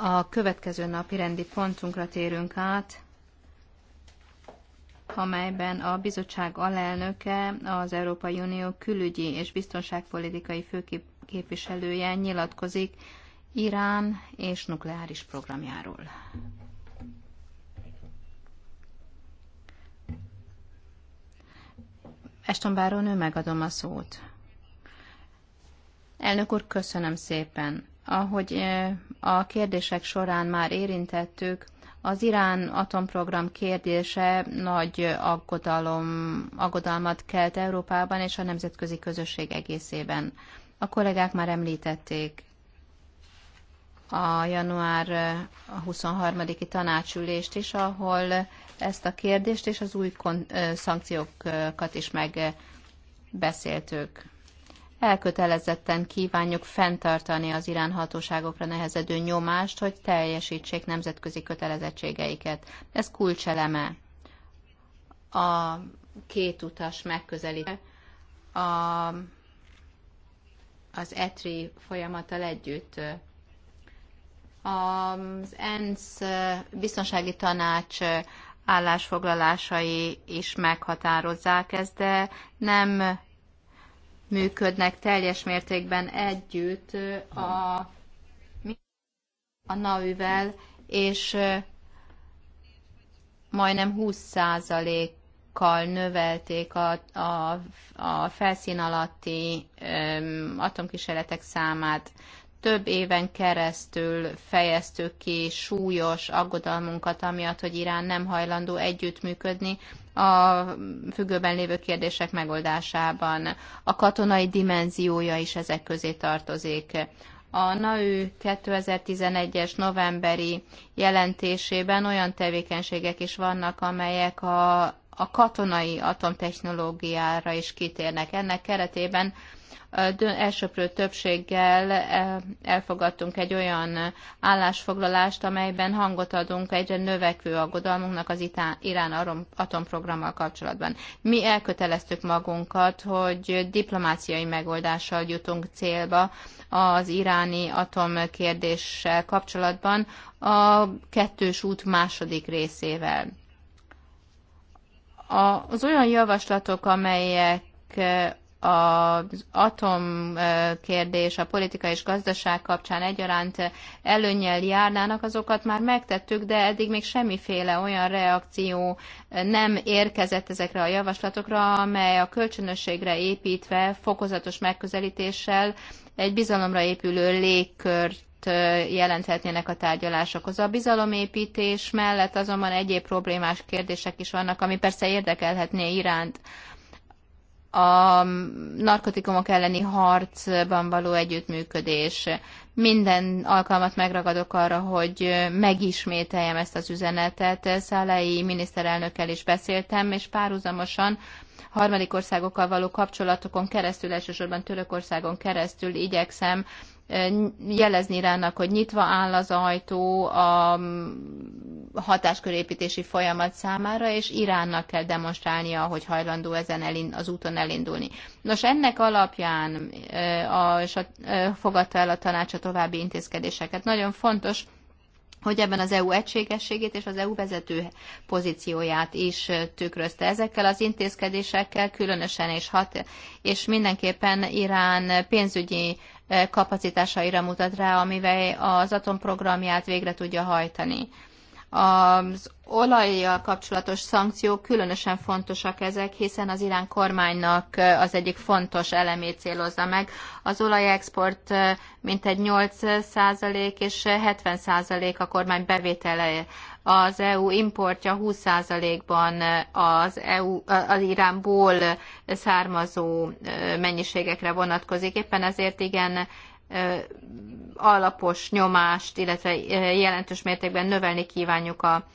A következő napi rendi pontunkra térünk át, amelyben a bizottság alelnöke, az Európai Unió külügyi és biztonságpolitikai főképviselője nyilatkozik Irán és nukleáris programjáról. Eston Báron, ő megadom a szót. Elnök úr, köszönöm szépen. Ahogy eh, a kérdések során már érintettük, az Irán atomprogram kérdése nagy eh, aggodalom, aggodalmat kelt Európában és a nemzetközi közösség egészében. A kollégák már említették a január 23-i eh, tanácsülést is, ahol ezt a kérdést és az új kon- szankciókat is megbeszéltük elkötelezetten kívánjuk fenntartani az irán hatóságokra nehezedő nyomást, hogy teljesítsék nemzetközi kötelezettségeiket. Ez kulcseleme a két utas megközelítés a, az ETRI folyamattal együtt. Az ENSZ biztonsági tanács állásfoglalásai is meghatározzák ezt, de nem működnek teljes mértékben együtt a, a NAU-vel, és majdnem 20%-kal növelték a, a, a felszín alatti um, atomkísérletek számát több éven keresztül fejeztük ki súlyos aggodalmunkat, amiatt, hogy Irán nem hajlandó együttműködni a függőben lévő kérdések megoldásában. A katonai dimenziója is ezek közé tartozik. A NAÜ 2011-es novemberi jelentésében olyan tevékenységek is vannak, amelyek a, a katonai atomtechnológiára is kitérnek. Ennek keretében elsöprő többséggel e, elfogadtunk egy olyan állásfoglalást, amelyben hangot adunk egyre növekvő aggodalmunknak az Irán atomprogrammal kapcsolatban. Mi elköteleztük magunkat, hogy diplomáciai megoldással jutunk célba az iráni atomkérdéssel kapcsolatban a kettős út második részével. Az olyan javaslatok, amelyek az atom kérdés, a politika és gazdaság kapcsán egyaránt előnyel járnának, azokat már megtettük, de eddig még semmiféle olyan reakció nem érkezett ezekre a javaslatokra, amely a kölcsönösségre építve, fokozatos megközelítéssel egy bizalomra épülő légkör jelenthetnének a tárgyalásokhoz. A bizalomépítés mellett azonban egyéb problémás kérdések is vannak, ami persze érdekelhetné iránt a narkotikumok elleni harcban való együttműködés. Minden alkalmat megragadok arra, hogy megismételjem ezt az üzenetet. Szálei miniszterelnökkel is beszéltem, és párhuzamosan harmadik országokkal való kapcsolatokon keresztül, elsősorban Törökországon keresztül igyekszem jelezni rának, hogy nyitva áll az ajtó a hatáskörépítési folyamat számára, és Iránnak kell demonstrálnia, hogy hajlandó ezen elind, az úton elindulni. Nos, ennek alapján a, és a, fogadta el a tanács a további intézkedéseket. Nagyon fontos, hogy ebben az EU egységességét és az EU vezető pozícióját is tükrözte. Ezekkel az intézkedésekkel különösen és hat, és mindenképpen Irán pénzügyi Eh, kapacitásaira mutat rá, amivel az atomprogramját végre tudja hajtani. Az olajjal kapcsolatos szankciók különösen fontosak ezek, hiszen az irán kormánynak eh, az egyik fontos elemét célozza meg. Az olajexport eh, mintegy 8% és 70% a kormány bevétele az EU importja 20%-ban az, EU, az Iránból származó mennyiségekre vonatkozik. Éppen ezért igen alapos nyomást, illetve jelentős mértékben növelni kívánjuk a,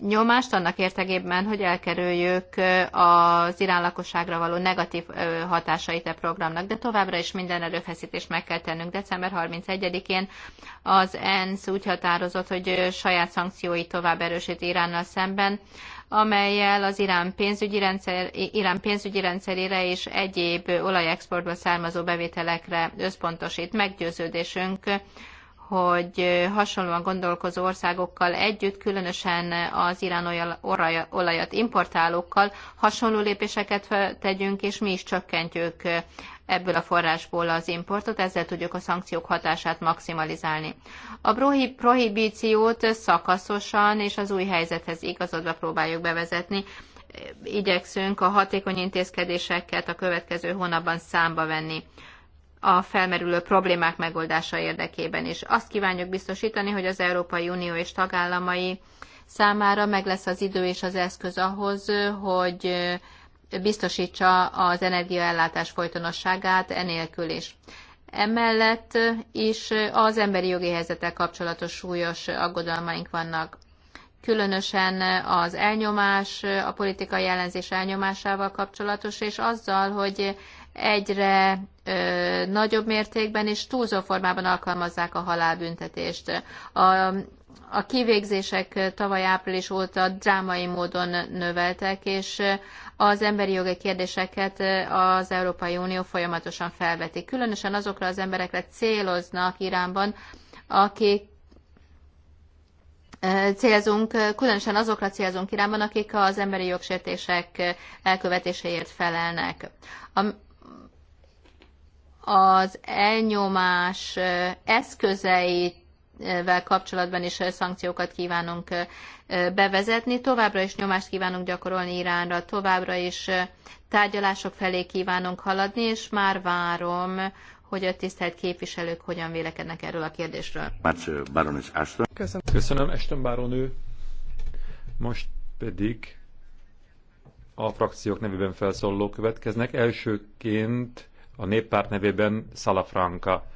nyomást annak értegében, hogy elkerüljük az irán lakosságra való negatív hatásait a programnak, de továbbra is minden erőfeszítést meg kell tennünk. December 31-én az ENSZ úgy határozott, hogy saját szankcióit tovább erősít Iránnal szemben, amelyel az Irán pénzügyi, rendszer, Irán pénzügyi rendszerére és egyéb olajexportból származó bevételekre összpontosít. Meggyőződésünk, hogy hasonlóan gondolkozó országokkal együtt, különösen az irán olajat importálókkal hasonló lépéseket tegyünk, és mi is csökkentjük ebből a forrásból az importot, ezzel tudjuk a szankciók hatását maximalizálni. A prohibíciót szakaszosan és az új helyzethez igazodva próbáljuk bevezetni. Igyekszünk a hatékony intézkedéseket a következő hónapban számba venni a felmerülő problémák megoldása érdekében is. Azt kívánjuk biztosítani, hogy az Európai Unió és tagállamai számára meg lesz az idő és az eszköz ahhoz, hogy biztosítsa az energiaellátás folytonosságát enélkül is. Emellett is az emberi jogi helyzetek kapcsolatos súlyos aggodalmaink vannak. Különösen az elnyomás, a politikai ellenzés elnyomásával kapcsolatos, és azzal, hogy egyre ö, nagyobb mértékben és túlzó formában alkalmazzák a halálbüntetést. A, a kivégzések tavaly április óta drámai módon növeltek, és az emberi jogi kérdéseket az Európai Unió folyamatosan felveti. Különösen azokra az emberekre céloznak Iránban, akik célzunk, különösen azokra célzunk Iránban, akik az emberi jogsértések elkövetéséért felelnek. A az elnyomás eszközeivel kapcsolatban is szankciókat kívánunk bevezetni. Továbbra is nyomást kívánunk gyakorolni Iránra, továbbra is tárgyalások felé kívánunk haladni, és már várom, hogy a tisztelt képviselők hogyan vélekednek erről a kérdésről. Köszönöm, Köszönöm Esten Báronő. Most pedig a frakciók nevében felszólalók következnek. Elsőként a néppárt nevében Salafranca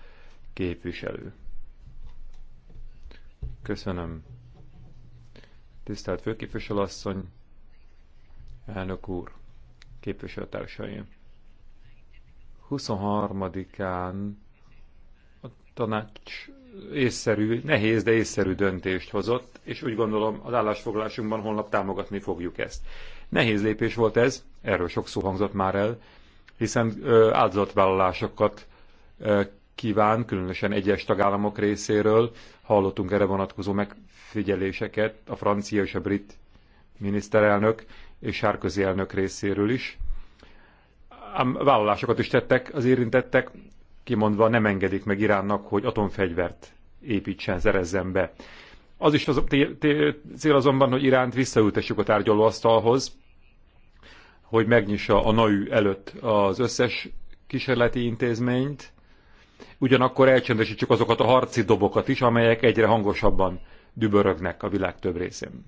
képviselő. Köszönöm. Tisztelt főképviselőasszony, elnök úr, képviselőtársaim. 23-án a tanács észszerű, nehéz, de észszerű döntést hozott, és úgy gondolom az állásfoglalásunkban holnap támogatni fogjuk ezt. Nehéz lépés volt ez, erről sok szó hangzott már el, hiszen áldozatvállalásokat kíván, különösen egyes tagállamok részéről. Hallottunk erre vonatkozó megfigyeléseket a francia és a brit miniszterelnök és sárközi elnök részéről is. Ám vállalásokat is tettek az érintettek, kimondva nem engedik meg Iránnak, hogy atomfegyvert építsen, szerezzen be. Az is az, cél azonban, hogy Iránt visszaültessük a tárgyalóasztalhoz, hogy megnyissa a NAÜ előtt az összes kísérleti intézményt, ugyanakkor elcsendesítsük azokat a harci dobokat is, amelyek egyre hangosabban dübörögnek a világ több részén.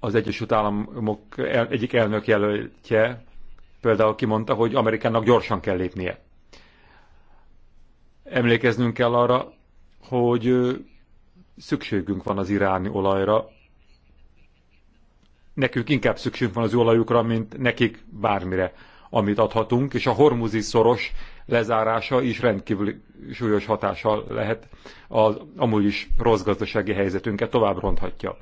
Az Egyesült Államok egyik elnök jelöltje például kimondta, hogy Amerikának gyorsan kell lépnie. Emlékeznünk kell arra, hogy szükségünk van az iráni olajra, nekünk inkább szükségünk van az olajukra, mint nekik bármire, amit adhatunk, és a hormuzi szoros lezárása is rendkívül súlyos hatással lehet az amúgy is rossz gazdasági helyzetünket tovább ronthatja.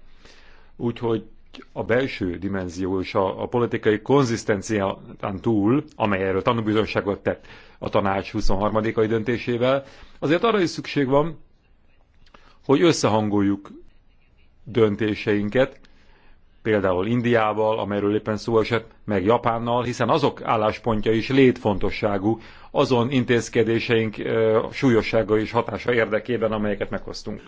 Úgyhogy a belső dimenzió és a, a politikai konzisztencián túl, amely erről tanúbizonságot tett a tanács 23-ai döntésével, azért arra is szükség van, hogy összehangoljuk döntéseinket, például Indiával, amelyről éppen szó esett, meg Japánnal, hiszen azok álláspontja is létfontosságú, azon intézkedéseink e, súlyossága és hatása érdekében, amelyeket meghoztunk.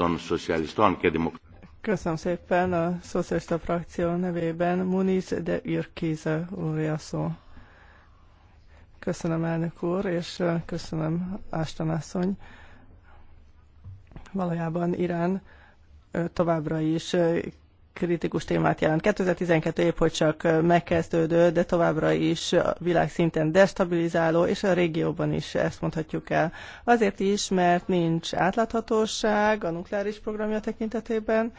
Köszönöm szépen a szocialista frakció nevében Muniz de Irkéze úr szó. Köszönöm elnök úr, és köszönöm Ástan asszony. Valójában Irán továbbra is kritikus témát jelent. 2012 épp, hogy csak megkezdődő, de továbbra is világszinten destabilizáló, és a régióban is ezt mondhatjuk el. Azért is, mert nincs átláthatóság a nukleáris programja tekintetében,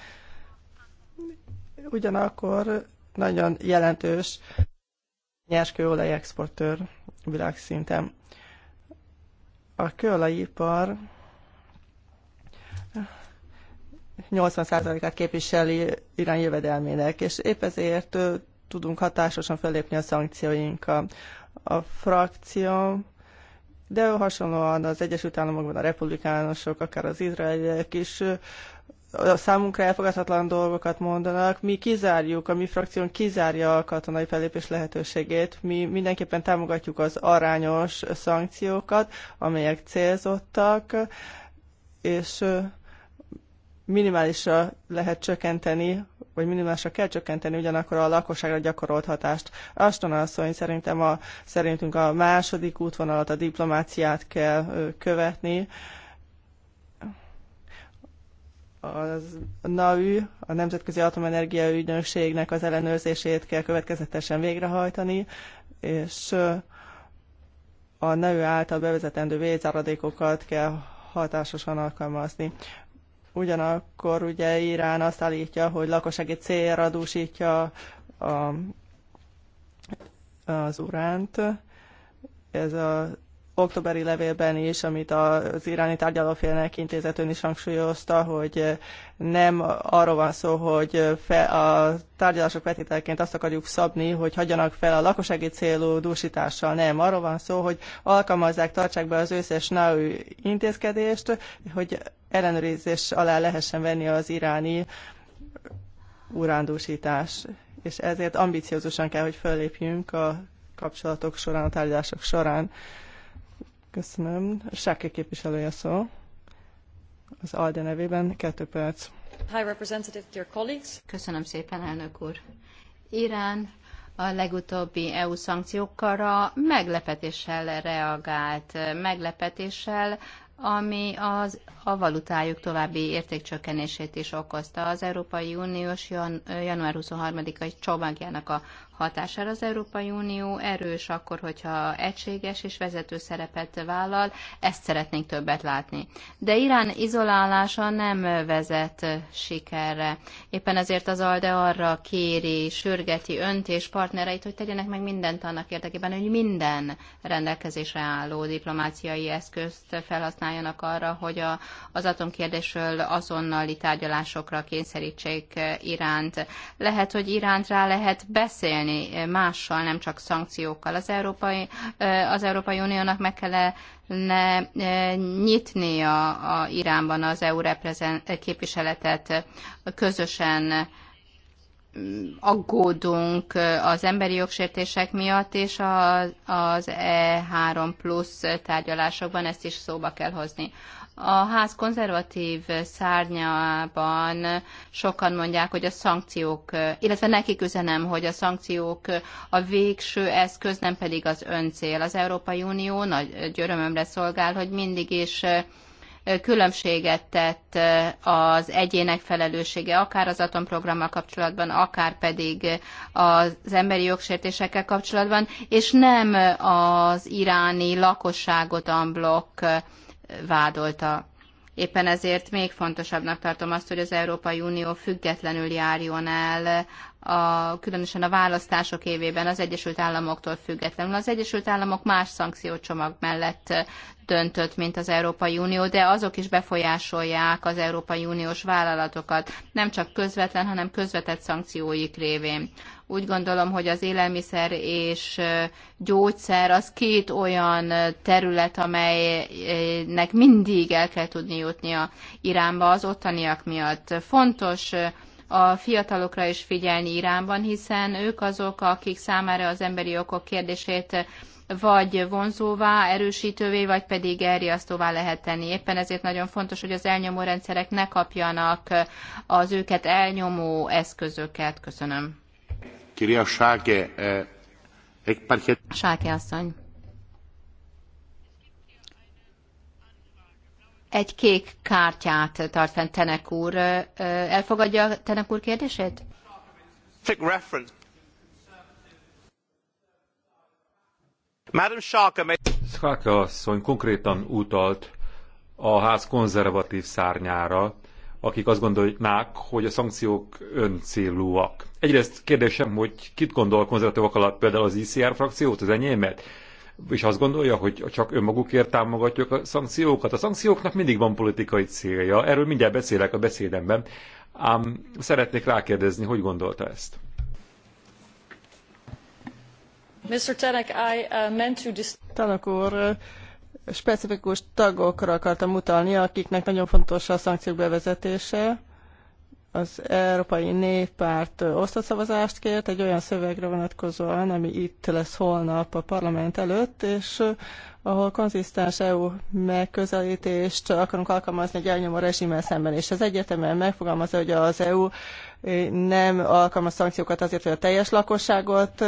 ugyanakkor nagyon jelentős nyerskőolaj exportőr világszinten. A kőolajipar 80%-át képviseli Irán jövedelmének, és épp ezért tudunk hatásosan felépni a szankcióinkkal. A frakció, de hasonlóan az Egyesült Államokban a republikánusok, akár az izraeliek is a számunkra elfogadhatatlan dolgokat mondanak. Mi kizárjuk, a mi frakción kizárja a katonai fellépés lehetőségét. Mi mindenképpen támogatjuk az arányos szankciókat, amelyek célzottak, és minimálisra lehet csökkenteni, vagy minimálisra kell csökkenteni ugyanakkor a lakosságra gyakorolt hatást. Aston asszony szerintem a, szerintünk a második útvonalat, a diplomáciát kell követni. A NAU, a Nemzetközi Atomenergia Ügynökségnek az ellenőrzését kell következetesen végrehajtani, és a NAU által bevezetendő védzáradékokat kell hatásosan alkalmazni. Ugyanakkor ugye Irán azt állítja, hogy lakossági célra dúsítja a, az uránt. Ez a októberi levélben is, amit az iráni tárgyalófélnek intézetőn is hangsúlyozta, hogy nem arról van szó, hogy fe, a tárgyalások vetételként azt akarjuk szabni, hogy hagyjanak fel a lakossági célú dúsítással, nem. Arról van szó, hogy alkalmazzák, tartsák be az összes NAU intézkedést, hogy ellenőrizés alá lehessen venni az iráni urándúsítás. És ezért ambiciózusan kell, hogy fölépjünk a kapcsolatok során, a tárgyalások során. Köszönöm. Sáki képviselője szó. Az ALDE nevében kettő perc. High Representative, dear colleagues. Köszönöm szépen, elnök úr. Irán a legutóbbi EU szankciókkal meglepetéssel reagált, meglepetéssel ami az, a valutájuk további értékcsökkenését is okozta. Az Európai Uniós jan, január 23-ai csomagjának a hatására. Az Európai Unió erős akkor, hogyha egységes és vezető szerepet vállal, ezt szeretnénk többet látni. De Irán izolálása nem vezet sikerre. Éppen ezért az ALDE arra kéri, sürgeti önt és partnereit, hogy tegyenek meg mindent annak érdekében, hogy minden rendelkezésre álló diplomáciai eszközt felhasználjanak arra, hogy a, az atomkérdésről azonnali tárgyalásokra kényszerítsék Iránt. Lehet, hogy Iránt rá lehet beszélni, élni mással, nem csak szankciókkal. Az Európai, az Európai Uniónak meg kellene eh, nyitnia a Iránban az EU képviseletet közösen mm, aggódunk az emberi jogsértések miatt, és az E3 plusz tárgyalásokban ezt is szóba kell hozni. A ház konzervatív szárnyában sokan mondják, hogy a szankciók, illetve nekik üzenem, hogy a szankciók a végső eszköz, nem pedig az öncél. Az Európai Unió nagy györömömre szolgál, hogy mindig is különbséget tett az egyének felelőssége, akár az atomprogrammal kapcsolatban, akár pedig az emberi jogsértésekkel kapcsolatban, és nem az iráni lakosságot amblok vádolta. Éppen ezért még fontosabbnak tartom azt, hogy az Európai Unió függetlenül járjon el, a, különösen a választások évében az Egyesült Államoktól függetlenül. Az Egyesült Államok más szankciócsomag mellett döntött, mint az Európai Unió, de azok is befolyásolják az Európai Uniós vállalatokat, nem csak közvetlen, hanem közvetett szankcióik révén. Úgy gondolom, hogy az élelmiszer és gyógyszer az két olyan terület, amelynek mindig el kell tudni a Iránba az ottaniak miatt. Fontos a fiatalokra is figyelni Iránban, hiszen ők azok, akik számára az emberi okok kérdését vagy vonzóvá, erősítővé, vagy pedig elriasztóvá lehet tenni. Éppen ezért nagyon fontos, hogy az elnyomó rendszerek ne kapjanak az őket elnyomó eszközöket. Köszönöm. Κυρία Sáke asszony. Egy kék kártyát tart fent Tenek úr. Elfogadja Tenek úr kérdését? Madam Schalke asszony konkrétan utalt a ház konzervatív szárnyára, akik azt gondolnák, hogy a szankciók öncélúak. Egyrészt kérdésem, hogy kit gondol konzervatívok alatt például az ICR frakciót, az enyémet? És azt gondolja, hogy csak önmagukért támogatjuk a szankciókat. A szankcióknak mindig van politikai célja, erről mindjárt beszélek a beszédemben, ám szeretnék rákérdezni, hogy gondolta ezt? Mr. Tanak, I, uh, meant to... Tanak úr, specifikus tagokra akartam utalni, akiknek nagyon fontos a szankciók bevezetése. Az Európai Néppárt osztott szavazást kért egy olyan szövegre vonatkozóan, ami itt lesz holnap a parlament előtt, és ahol konzisztens EU megközelítést akarunk alkalmazni egy elnyomó rezsimmel szemben, és ez egyetemen megfogalmazza, hogy az EU nem alkalmaz szankciókat azért, hogy a teljes lakosságot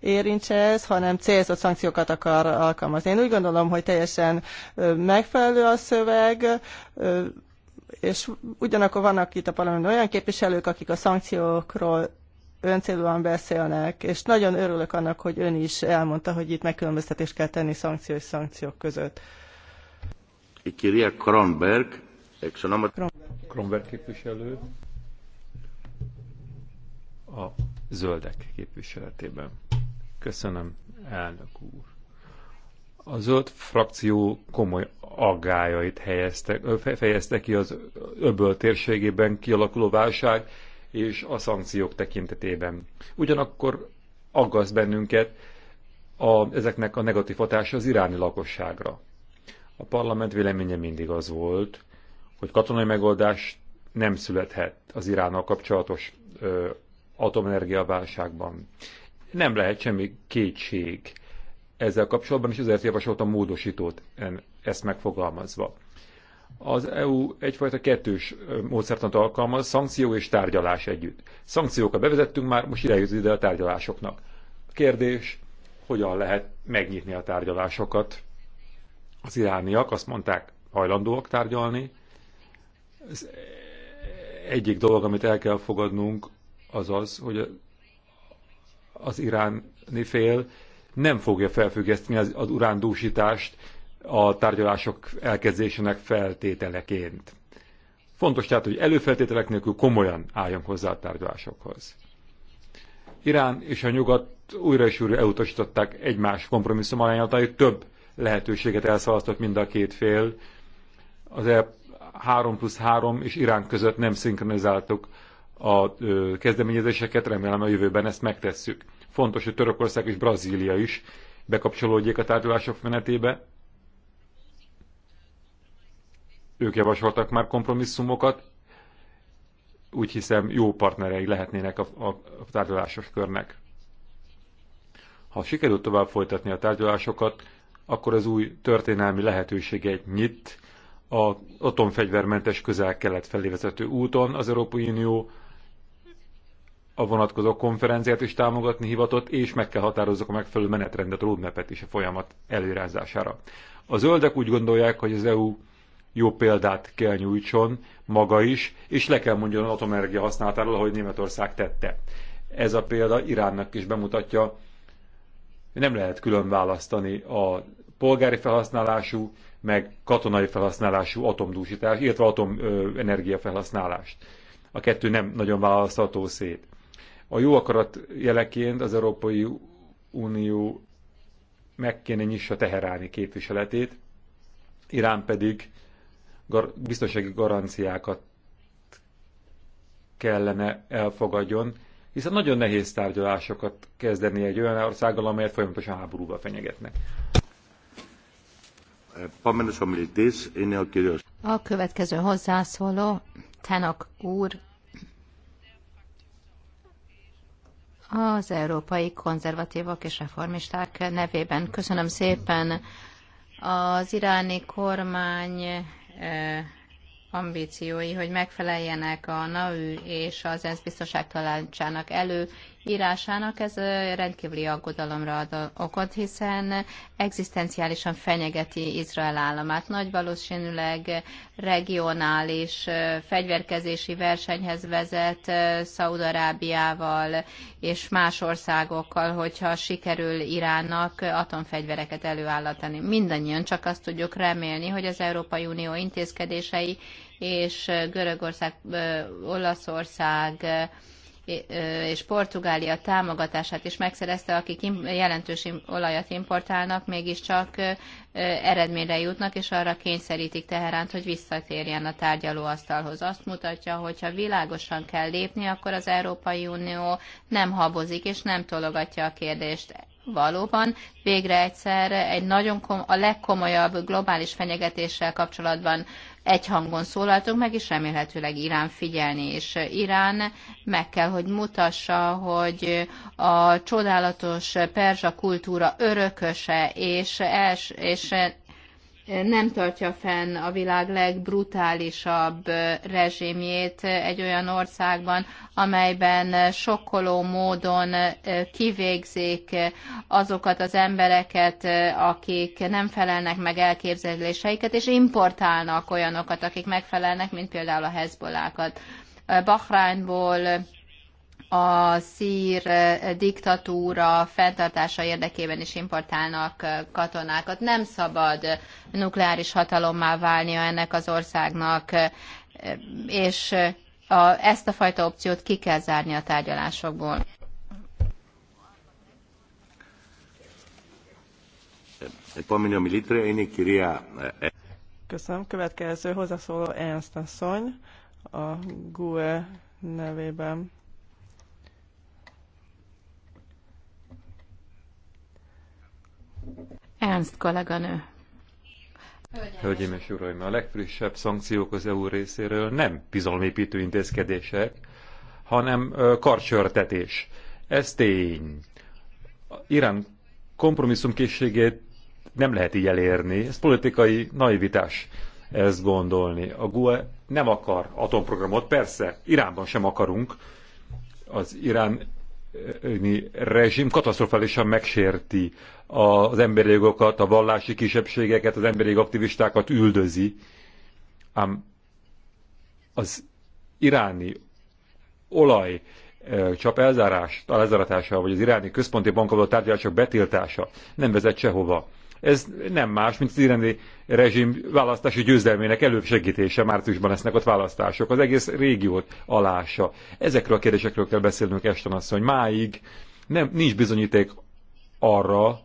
érintse ez, hanem célzott szankciókat akar alkalmazni. Én úgy gondolom, hogy teljesen megfelelő a szöveg, és ugyanakkor vannak itt a parlamentben olyan képviselők, akik a szankciókról öncélúan beszélnek, és nagyon örülök annak, hogy ön is elmondta, hogy itt megkülönböztetést kell tenni szankció és szankciók között. Kiria Kronberg, Kronberg képviselő a zöldek képviseletében. Köszönöm, elnök úr. A zöld frakció komoly aggájait fejezte ki az öböl térségében kialakuló válság és a szankciók tekintetében. Ugyanakkor aggaszt bennünket a, ezeknek a negatív hatása az iráni lakosságra. A parlament véleménye mindig az volt, hogy katonai megoldás nem születhet az Iránnal kapcsolatos ö, atomenergia válságban. Nem lehet semmi kétség ezzel kapcsolatban, és ezért javasoltam módosítót ezt megfogalmazva. Az EU egyfajta kettős módszertant alkalmaz, szankció és tárgyalás együtt. Szankciókat bevezettünk már, most idejött ide a tárgyalásoknak. Kérdés, hogyan lehet megnyitni a tárgyalásokat? Az irániak azt mondták, hajlandóak tárgyalni. Ez egyik dolog, amit el kell fogadnunk, az az, hogy az iráni fél nem fogja felfüggeszteni az, az urándúsítást a tárgyalások elkezdésének feltételeként. Fontos tehát, hogy előfeltételek nélkül komolyan álljon hozzá a tárgyalásokhoz. Irán és a nyugat újra és újra elutasították egymás kompromisszum ajánlatait, több lehetőséget elszalasztott mind a két fél. Az 3 e plusz 3 és Irán között nem szinkronizáltuk a kezdeményezéseket, remélem a jövőben ezt megtesszük. Fontos, hogy Törökország és Brazília is bekapcsolódjék a tárgyalások menetébe. Ők javasoltak már kompromisszumokat, úgy hiszem jó partnerei lehetnének a, a, a tárgyalásos körnek. Ha sikerül tovább folytatni a tárgyalásokat, akkor az új történelmi lehetőséget nyit a atomfegyvermentes közel-kelet felé vezető úton az Európai Unió a vonatkozó konferenciát is támogatni hivatott, és meg kell határozzuk a megfelelő menetrendet, roadmap-et is a folyamat előrázására. A zöldek úgy gondolják, hogy az EU jó példát kell nyújtson maga is, és le kell mondjon az atomenergia használatáról, ahogy Németország tette. Ez a példa Iránnak is bemutatja, hogy nem lehet külön választani a polgári felhasználású, meg katonai felhasználású atomdúsítás, illetve atomenergia felhasználást. A kettő nem nagyon választható szét. A jó akarat jeleként az Európai Unió meg kéne nyissa Teheráni képviseletét, Irán pedig gar- biztonsági garanciákat kellene elfogadjon, hiszen nagyon nehéz tárgyalásokat kezdeni egy olyan országgal, amelyet folyamatosan háborúba fenyegetnek. A következő hozzászóló Tenok úr az európai konzervatívok és reformisták nevében. Köszönöm szépen az iráni kormány eh, ambíciói, hogy megfeleljenek a NAU és az ENSZ biztonságtalácsának elő írásának, ez rendkívüli aggodalomra ad okot, hiszen egzisztenciálisan fenyegeti Izrael államát. Nagy valószínűleg regionális fegyverkezési versenyhez vezet Szaudarábiával és más országokkal, hogyha sikerül Iránnak atomfegyvereket előállítani. Mindannyian csak azt tudjuk remélni, hogy az Európai Unió intézkedései és Görögország, Olaszország, és Portugália támogatását is megszerezte, akik jelentős olajat importálnak, mégiscsak eredményre jutnak, és arra kényszerítik Teheránt, hogy visszatérjen a tárgyalóasztalhoz. Azt mutatja, hogy ha világosan kell lépni, akkor az Európai Unió nem habozik és nem tologatja a kérdést valóban végre egyszer egy nagyon kom- a legkomolyabb globális fenyegetéssel kapcsolatban egy hangon szólaltunk meg, és remélhetőleg Irán figyelni, és Irán meg kell, hogy mutassa, hogy a csodálatos perzsa kultúra örököse, és, els, és nem tartja fenn a világ legbrutálisabb rezsimjét egy olyan országban, amelyben sokkoló módon kivégzik azokat az embereket, akik nem felelnek meg elképzeléseiket, és importálnak olyanokat, akik megfelelnek, mint például a Hezbollákat. Bahrányból a szír eh, diktatúra fenntartása érdekében is importálnak eh, katonákat. Nem szabad nukleáris hatalommá válnia ennek az országnak, eh, és a, ezt a fajta opciót ki kell zárni a tárgyalásokból. Köszönöm. Következő hozzászóló Ernst asszony a GUE nevében. Ernst kolléganő. Hölgyeim és Uraim, a legfrissebb szankciók az EU részéről nem bizalomépítő intézkedések, hanem karcsörtetés. Ez tény. Irán kompromisszumkészségét nem lehet így elérni. Ez politikai naivitás ezt gondolni. A GUE nem akar atomprogramot, persze, Iránban sem akarunk. Az Irán rezsim katasztrofálisan megsérti az emberi jogokat, a vallási kisebbségeket, az emberi aktivistákat üldözi. Ám az iráni olaj eh, csap elzárás, elzáratása, vagy az iráni központi bankadó tárgyalások betiltása nem vezet sehova. Ez nem más, mint az iráni rezsim választási győzelmének elősegítése. Márciusban lesznek ott választások. Az egész régiót alása. Ezekről a kérdésekről kell beszélnünk, este asszony. Máig nem, nincs bizonyíték arra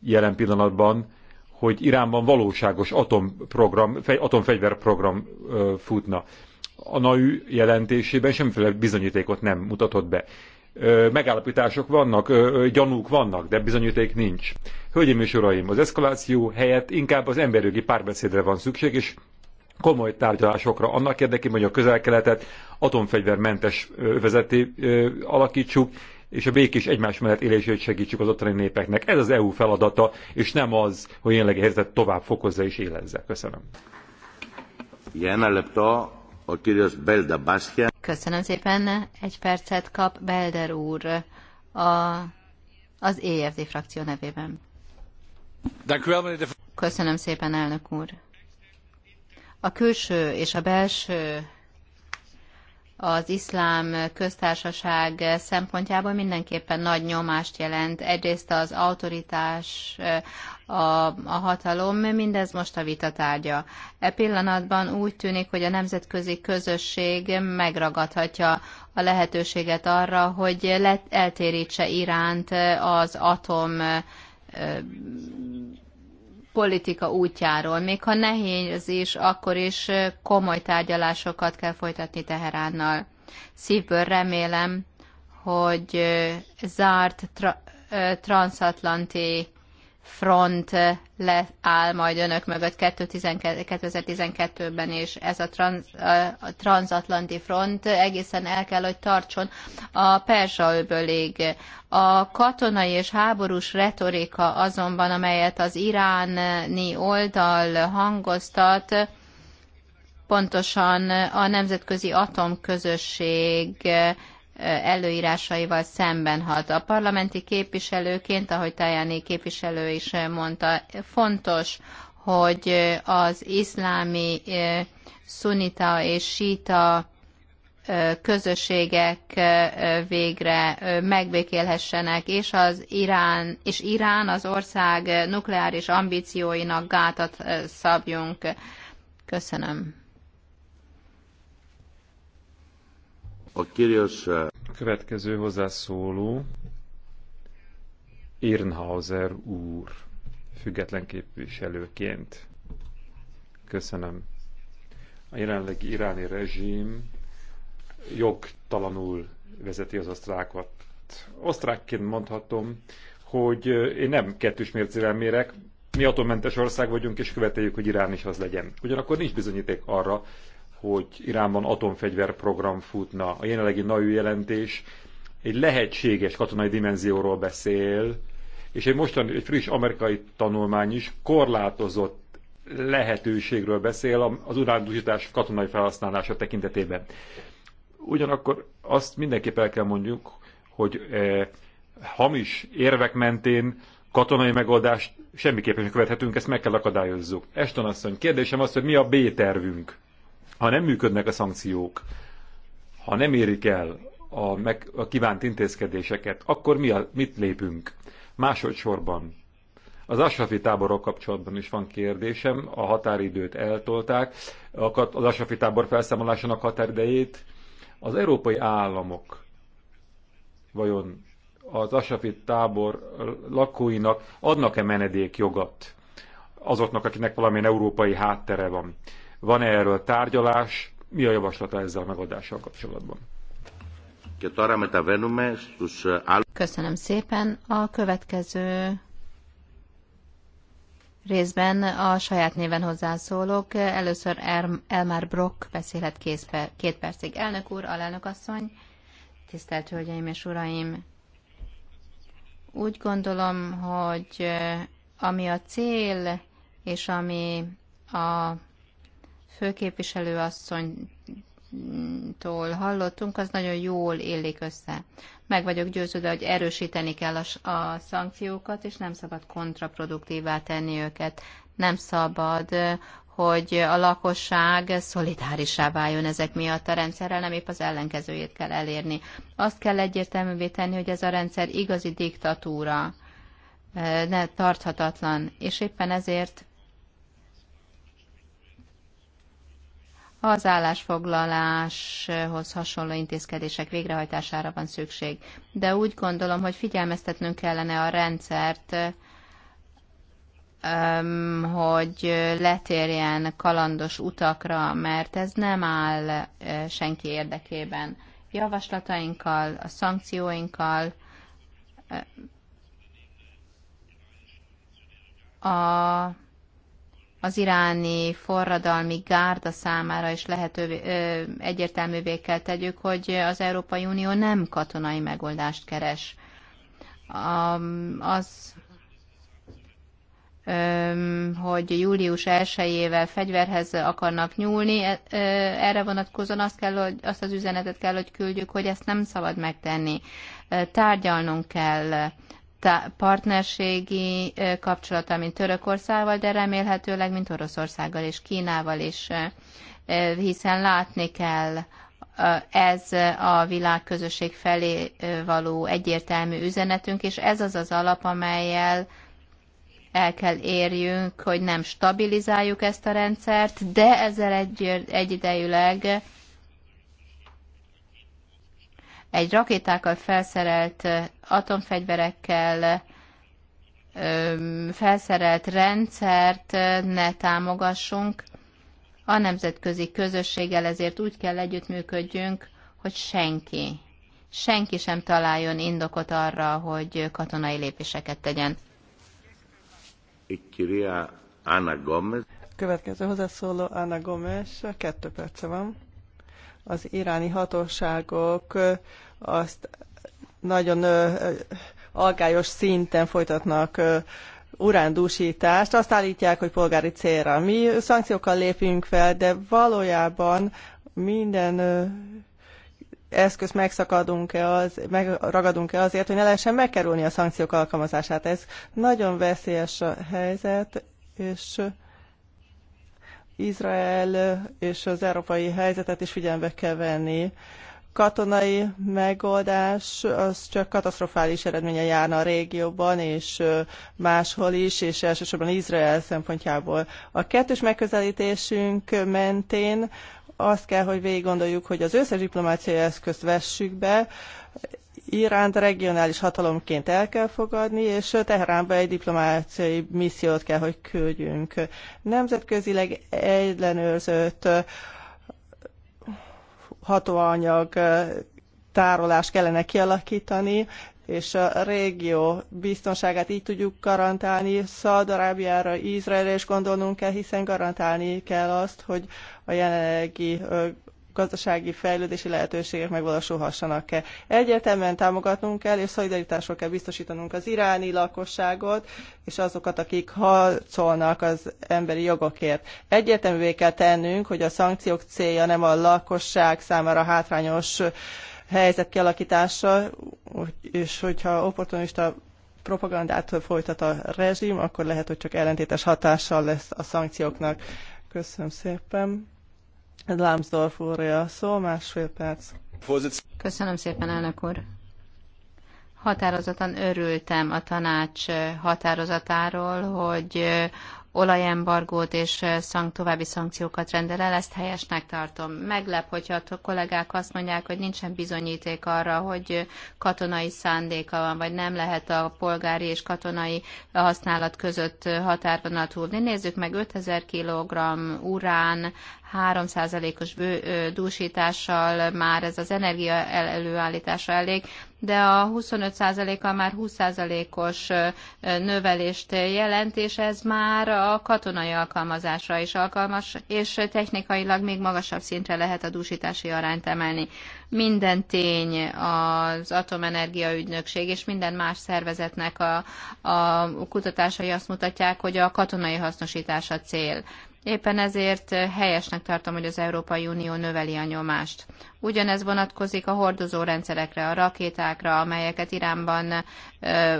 jelen pillanatban, hogy Iránban valóságos atomprogram, fej, atomfegyverprogram ö, futna. A NAU jelentésében semmiféle bizonyítékot nem mutatott be megállapítások vannak, gyanúk vannak, de bizonyíték nincs. Hölgyeim és uraim, az eszkaláció helyett inkább az emberjogi párbeszédre van szükség, és komoly tárgyalásokra annak érdekében, hogy a közel-keletet atomfegyvermentes vezeté alakítsuk, és a békés egymás mellett élését segítsük az ottani népeknek. Ez az EU feladata, és nem az, hogy jelenlegi helyzetet tovább fokozza és élezze. Köszönöm. Ilyen a Köszönöm szépen. Egy percet kap Belder úr a, az EFD frakció nevében. Köszönöm szépen, elnök úr. A külső és a belső az iszlám köztársaság szempontjából mindenképpen nagy nyomást jelent. Egyrészt az autoritás, a, a hatalom, mindez most a vita tárgya. E pillanatban úgy tűnik, hogy a nemzetközi közösség megragadhatja a lehetőséget arra, hogy let, eltérítse Iránt az atom politika útjáról. Még ha nehéz is, akkor is komoly tárgyalásokat kell folytatni Teheránnal. Szívből remélem, hogy zárt tra- transatlanti front leáll majd önök mögött 2012-ben, és ez a, trans, a transatlanti front egészen el kell, hogy tartson a Perzsa öbölig. A katonai és háborús retorika azonban, amelyet az iráni oldal hangoztat, pontosan a nemzetközi atomközösség előírásaival szemben hat. A parlamenti képviselőként, ahogy Tajani képviselő is mondta, fontos, hogy az iszlámi eh, szunita és síta eh, közösségek eh, végre megbékélhessenek, és az Irán, és Irán az ország nukleáris ambícióinak gátat szabjunk. Köszönöm. A uh, következő hozzászóló Irnhauser úr, független képviselőként. Köszönöm. A jelenlegi iráni rezsim jogtalanul vezeti az osztrákot. Osztrákként mondhatom, hogy eh, én nem kettős mércével mérek, mi atommentes ország vagyunk, és követeljük, hogy Irán is az legyen. Ugyanakkor nincs bizonyíték arra, hogy Iránban atomfegyverprogram futna. A jelenlegi NAU jelentés egy lehetséges katonai dimenzióról beszél, és egy mostani, egy friss amerikai tanulmány is korlátozott lehetőségről beszél az uránudusítás katonai felhasználása tekintetében. Ugyanakkor azt mindenképp el kell mondjuk, hogy eh, hamis érvek mentén katonai megoldást semmiképpen sem követhetünk, ezt meg kell akadályozzuk. Eston asszony, kérdésem az, hogy mi a B-tervünk? Ha nem működnek a szankciók, ha nem érik el a, meg, a kívánt intézkedéseket, akkor mi a, mit lépünk? Másodszorban az Asafi táborok kapcsolatban is van kérdésem, a határidőt eltolták, az Asafi tábor felszámolásának határidejét. Az európai államok vajon az Asafi tábor lakóinak adnak-e menedékjogat azoknak, akinek valamilyen európai háttere van? Van-e erről tárgyalás? Mi a javaslata ezzel a megoldással kapcsolatban? Köszönöm szépen. A következő részben a saját néven hozzászólok. Először Elmar Brock beszélhet két percig. Elnök úr, alelnök asszony, tisztelt hölgyeim és uraim! Úgy gondolom, hogy eh, ami a cél és ami a főképviselő asszonytól hallottunk, az nagyon jól illik össze. Meg vagyok győződve, hogy erősíteni kell a, a szankciókat, és nem szabad kontraproduktívá tenni őket. Nem szabad, hogy a lakosság szolidárisá váljon ezek miatt a rendszerrel, nem épp az ellenkezőjét kell elérni. Azt kell egyértelművé tenni, hogy ez a rendszer igazi diktatúra, eh, ne tarthatatlan, és éppen ezért az állásfoglaláshoz hasonló intézkedések végrehajtására van szükség. De úgy gondolom, hogy figyelmeztetnünk kellene a rendszert, hogy letérjen kalandos utakra, mert ez nem áll senki érdekében. Javaslatainkkal, a szankcióinkkal, a az iráni forradalmi gárda számára is lehetővé, ö, egyértelművé kell tegyük, hogy az Európai Unió nem katonai megoldást keres. A, az, ö, hogy július 1-ével fegyverhez akarnak nyúlni, e, ö, erre vonatkozóan azt, kell, hogy, azt az üzenetet kell, hogy küldjük, hogy ezt nem szabad megtenni. Tárgyalnunk kell partnerségi kapcsolata, mint Törökországgal, de remélhetőleg, mint Oroszországgal és Kínával is, hiszen látni kell, ez a világközösség felé való egyértelmű üzenetünk, és ez az az alap, amelyel el kell érjünk, hogy nem stabilizáljuk ezt a rendszert, de ezzel egy, egyidejűleg egy rakétákkal felszerelt atomfegyverekkel felszerelt rendszert ne támogassunk. A nemzetközi közösséggel ezért úgy kell együttműködjünk, hogy senki, senki sem találjon indokot arra, hogy katonai lépéseket tegyen. Következő hozzászóló Anna Gomes, kettő perce van az iráni hatóságok azt nagyon algályos szinten folytatnak urándúsítást. Azt állítják, hogy polgári célra. Mi szankciókkal lépünk fel, de valójában minden eszköz megszakadunk-e, az, megragadunk-e azért, hogy ne lehessen megkerülni a szankciók alkalmazását. Ez nagyon veszélyes a helyzet, és Izrael és az európai helyzetet is figyelembe kell venni. Katonai megoldás az csak katasztrofális eredménye járna a régióban és máshol is, és elsősorban Izrael szempontjából. A kettős megközelítésünk mentén azt kell, hogy végig gondoljuk, hogy az összes diplomáciai eszközt vessük be, Iránt regionális hatalomként el kell fogadni, és Teheránba egy diplomáciai missziót kell, hogy küldjünk. Nemzetközileg ellenőrzött hatóanyag tárolást kellene kialakítani, és a régió biztonságát így tudjuk garantálni. Szaldarábiára, Izraelre is gondolnunk kell, hiszen garantálni kell azt, hogy a jelenlegi gazdasági fejlődési lehetőségek megvalósulhassanak-e. Egyértelműen támogatnunk kell, és szolidaritásról kell biztosítanunk az iráni lakosságot, és azokat, akik harcolnak az emberi jogokért. Egyértelművé kell tennünk, hogy a szankciók célja nem a lakosság számára hátrányos helyzet kialakítása, és hogyha opportunista propagandát folytat a rezsim, akkor lehet, hogy csak ellentétes hatással lesz a szankcióknak. Köszönöm szépen. Lambsdorff úrja szó, másfél perc. Köszönöm szépen, elnök úr. Határozottan örültem a tanács határozatáról, hogy olajembargót és szank, további szankciókat rendel el, ezt helyesnek tartom. Meglep, hogyha a kollégák azt mondják, hogy nincsen bizonyíték arra, hogy katonai szándéka van, vagy nem lehet a polgári és katonai használat között határvonal túlni. Nézzük meg 5000 kg urán, 3%-os dúsítással már ez az energia előállítása elég, de a 25 a már 20%-os növelést jelent, és ez már a katonai alkalmazásra is alkalmas, és technikailag még magasabb szintre lehet a dúsítási arányt emelni. Minden tény az Atomenergia Ügynökség és minden más szervezetnek a, a kutatásai azt mutatják, hogy a katonai hasznosítás a cél. Éppen ezért helyesnek tartom, hogy az Európai Unió növeli a nyomást. Ugyanez vonatkozik a hordozó rendszerekre, a rakétákra, amelyeket Iránban,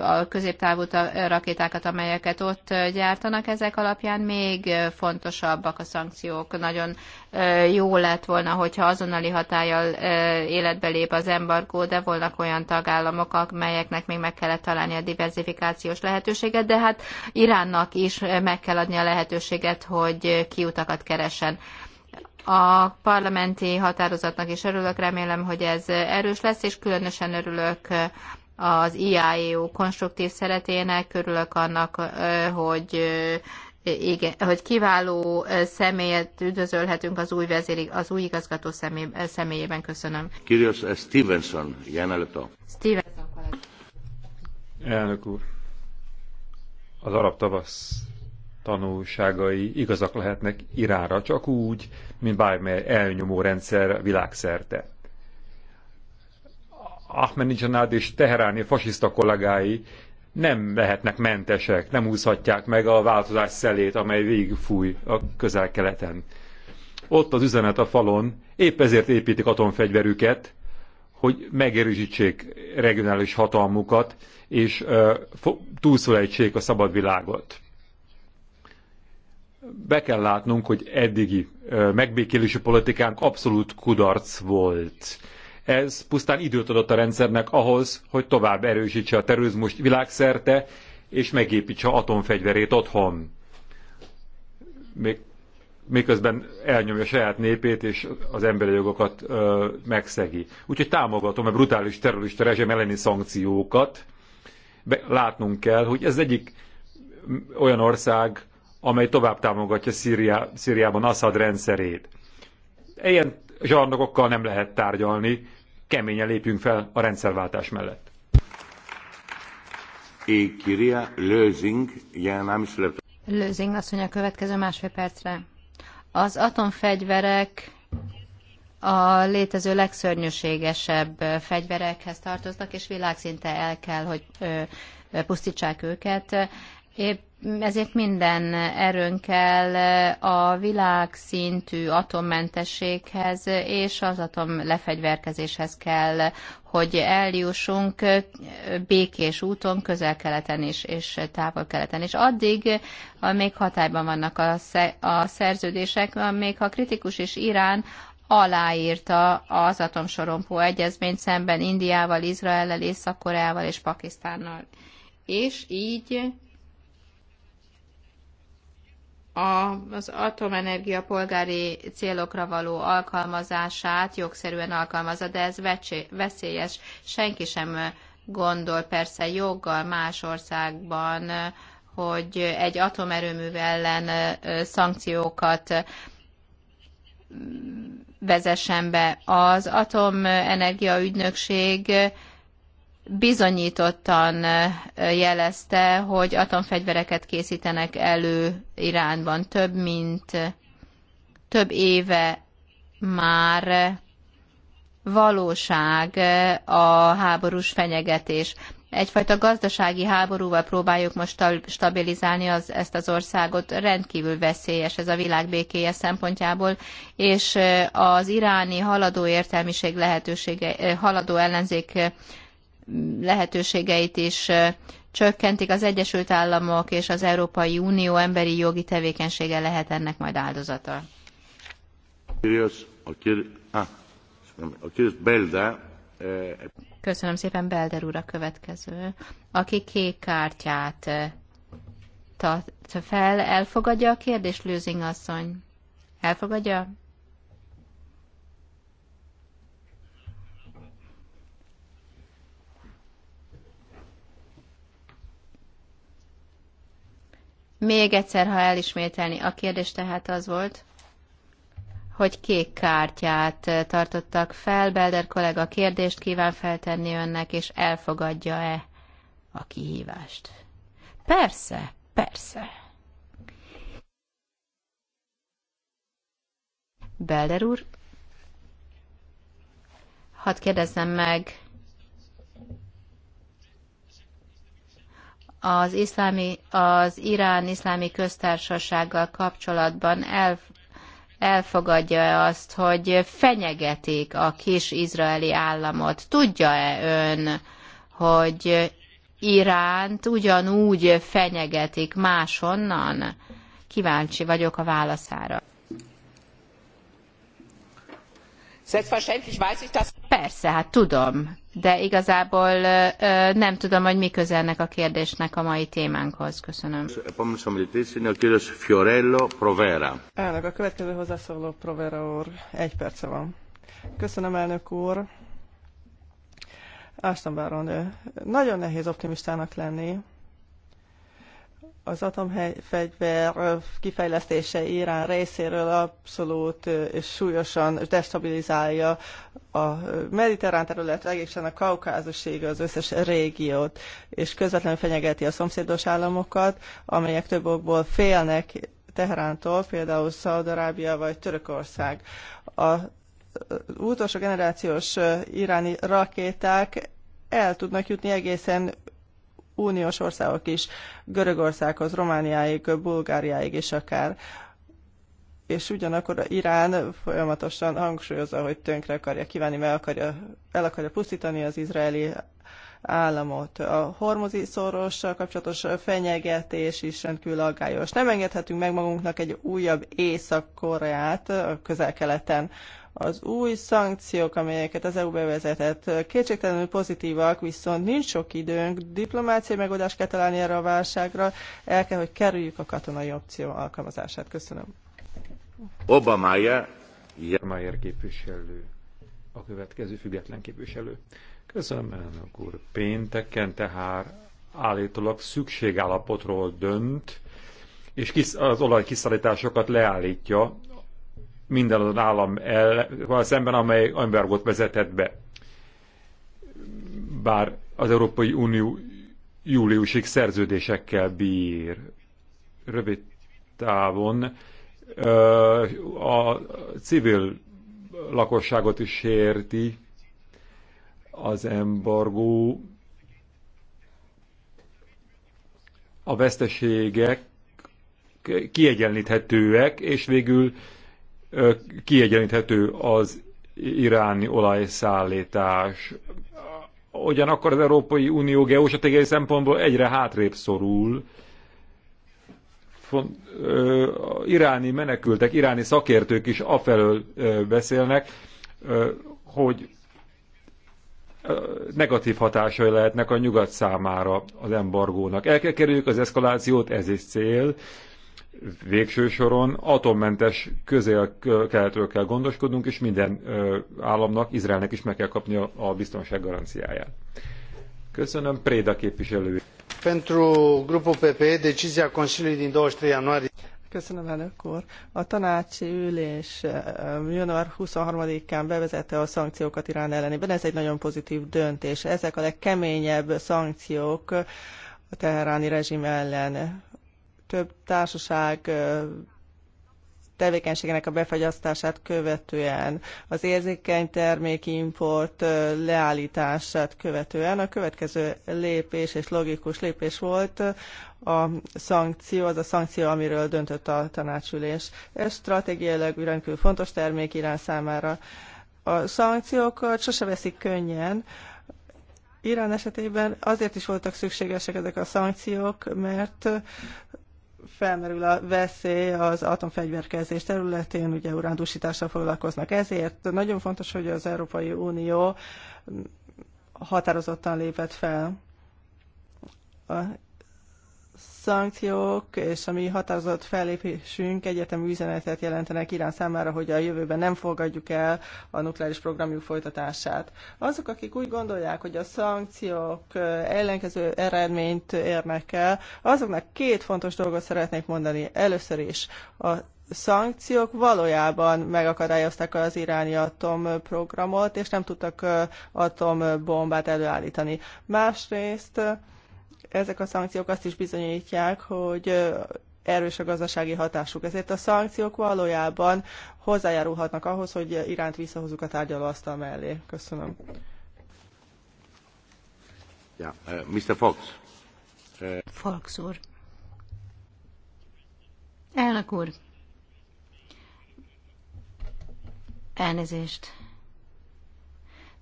a középtávú rakétákat, amelyeket ott gyártanak, ezek alapján még fontosabbak a szankciók. Nagyon jó lett volna, hogyha azonnali hatállyal életbe lép az embargó, de volnak olyan tagállamok, amelyeknek még meg kellett találni a diversifikációs lehetőséget, de hát Iránnak is meg kell adni a lehetőséget, hogy kiutakat keresen a parlamenti határozatnak is örülök, remélem, hogy ez erős lesz, és különösen örülök az IAEO konstruktív szeretének, örülök annak, hogy igen, hogy kiváló személyet üdvözölhetünk az új, vezérig, az új igazgató személy, személyében. Köszönöm. Kirios Stevenson, jelenlőta. Stevenson kollega. Elnök úr, az arab tavasz tanulságai igazak lehetnek Iránra, csak úgy, mint bármely elnyomó rendszer világszerte. Ahmadinejad és teheráni fasiszta kollégái nem lehetnek mentesek, nem úszhatják meg a változás szelét, amely végigfúj a közel-keleten. Ott az üzenet a falon, épp ezért építik atomfegyverüket, hogy megerősítsék regionális hatalmukat, és uh, túlszólejtsék a szabad világot. Be kell látnunk, hogy eddigi uh, megbékélési politikánk abszolút kudarc volt ez pusztán időt adott a rendszernek ahhoz, hogy tovább erősítse a terrorizmust világszerte, és megépítse atomfegyverét otthon. Még, miközben elnyomja saját népét, és az emberi jogokat ö, megszegi. Úgyhogy támogatom a brutális terrorista rezsim elleni szankciókat. Be, látnunk kell, hogy ez egyik olyan ország, amely tovább támogatja Szíriá, Szíriában Assad rendszerét. Ilyen zsarnokokkal nem lehet tárgyalni, keményen lépjünk fel a rendszerváltás mellett. Lőzing, azt mondja a következő másfél percre. Az atomfegyverek a létező legszörnyűségesebb fegyverekhez tartoznak, és világszinte el kell, hogy pusztítsák őket. Épp ezért minden erőnkkel a világszintű atommentességhez és az atom lefegyverkezéshez kell, hogy eljussunk békés úton, közel-keleten is, és távol-keleten is. Addig még hatályban vannak a szerződések, még ha kritikus is Irán, aláírta az atomsorompó egyezményt szemben Indiával, Izraellel, Észak-Koreával és Pakisztánnal. És így az atomenergia polgári célokra való alkalmazását jogszerűen alkalmazza, de ez veszélyes. Senki sem gondol persze joggal más országban, hogy egy atomerőmű ellen szankciókat vezessen be. Az atomenergia ügynökség bizonyítottan jelezte, hogy atomfegyvereket készítenek elő Iránban. Több mint több éve már valóság a háborús fenyegetés. Egyfajta gazdasági háborúval próbáljuk most stabilizálni az, ezt az országot. Rendkívül veszélyes ez a világ békéje szempontjából, és az iráni haladó értelmiség lehetősége, haladó ellenzék lehetőségeit is csökkentik. Az Egyesült Államok és az Európai Unió emberi jogi tevékenysége lehet ennek majd áldozata. Köszönöm szépen, Belder úr a következő, aki kék kártyát tart fel. Elfogadja a kérdést, Lőzing asszony? Elfogadja? Még egyszer, ha elismételni, a kérdés tehát az volt, hogy kék kártyát eh, tartottak fel. Belder kollega kérdést kíván feltenni önnek, és elfogadja-e a kihívást? Persze, persze. Belder úr, hadd kérdezzem meg, az, iszlámi, az Irán iszlámi köztársasággal kapcsolatban el, elfogadja azt, hogy fenyegetik a kis izraeli államot. Tudja-e ön, hogy Iránt ugyanúgy fenyegetik máshonnan? Kíváncsi vagyok a válaszára. Persze, hát tudom de igazából nem tudom, hogy mi közelnek a kérdésnek a mai témánkhoz. Köszönöm. Elnök, a következő hozzászóló Provera úr. Egy perce van. Köszönöm, elnök úr. Ashton Baron, nagyon nehéz optimistának lenni, az atomfegyver kifejlesztése Irán részéről abszolút és súlyosan destabilizálja a mediterrán terület, egészen a kaukázusig az összes régiót, és közvetlenül fenyegeti a szomszédos államokat, amelyek több okból félnek Teherántól, például Szaudarábia vagy Törökország. A utolsó generációs iráni rakéták el tudnak jutni egészen uniós országok is, Görögországhoz, Romániáig, Bulgáriáig és akár. És ugyanakkor Irán folyamatosan hangsúlyozza, hogy tönkre akarja kívánni, meg akarja, el akarja pusztítani az izraeli államot. A hormozi szorossal kapcsolatos fenyegetés is rendkívül aggályos. Nem engedhetünk meg magunknak egy újabb Észak-Koreát a közel-keleten. Az új szankciók, amelyeket az EU bevezetett, kétségtelenül pozitívak, viszont nincs sok időnk, diplomáciai megoldást kell találni erre a válságra, el kell, hogy kerüljük a katonai opció alkalmazását. Köszönöm. Obamája. Obamájer képviselő. A következő független képviselő. Köszönöm, elnök úr. Pénteken tehát állítólag szükségállapotról dönt, és az olajkiszállításokat leállítja minden az állam el, szemben, amely embargót vezetett be. Bár az Európai Unió júliusig szerződésekkel bír. Rövid távon a civil lakosságot is érti az embargó. A veszteségek kiegyenlíthetőek, és végül kiegyeníthető az iráni olajszállítás. Ugyanakkor az Európai Unió geostratégiai szempontból egyre hátrébb szorul. Font, ö, iráni menekültek, iráni szakértők is afelől ö, beszélnek, ö, hogy negatív hatásai lehetnek a nyugat számára az embargónak. El kell kerüljük az eszkalációt, ez is cél, Végső soron atommentes közel-keletről kell gondoskodnunk, és minden államnak, Izraelnek is meg kell kapni a, a biztonság garanciáját. Köszönöm, Préda képviselő. Pentru grupul PPE, decizia Consiliului din 23 ianuarie. Köszönöm, elnök úr. A tanácsi ülés január 23-án bevezette a szankciókat Irán ellenében. Ez egy nagyon pozitív döntés. Ezek a legkeményebb szankciók a teheráni rezsim ellen több társaság tevékenységének a befagyasztását követően, az érzékeny termékimport leállítását követően a következő lépés és logikus lépés volt a szankció, az a szankció, amiről döntött a tanácsülés. Ez stratégiailag rendkívül fontos termék Irán számára. A szankciókat sose veszik könnyen, Irán esetében azért is voltak szükségesek ezek a szankciók, mert felmerül a veszély az atomfegyverkezés területén, ugye urándúsítással foglalkoznak. Ezért nagyon fontos, hogy az Európai Unió határozottan lépett fel szankciók és a mi határozott fellépésünk egyetemű üzenetet jelentenek Irán számára, hogy a jövőben nem fogadjuk el a nukleáris programjuk folytatását. Azok, akik úgy gondolják, hogy a szankciók ellenkező eredményt érnek el, azoknak két fontos dolgot szeretnék mondani. Először is a szankciók valójában megakadályozták az iráni atomprogramot, és nem tudtak atombombát előállítani. Másrészt ezek a szankciók azt is bizonyítják, hogy erős a gazdasági hatásuk. Ezért a szankciók valójában hozzájárulhatnak ahhoz, hogy iránt visszahozzuk a tárgyalóasztal mellé. Köszönöm. Yeah, uh, Mr. Fox. Uh... Fox úr. Elnök úr. Elnézést.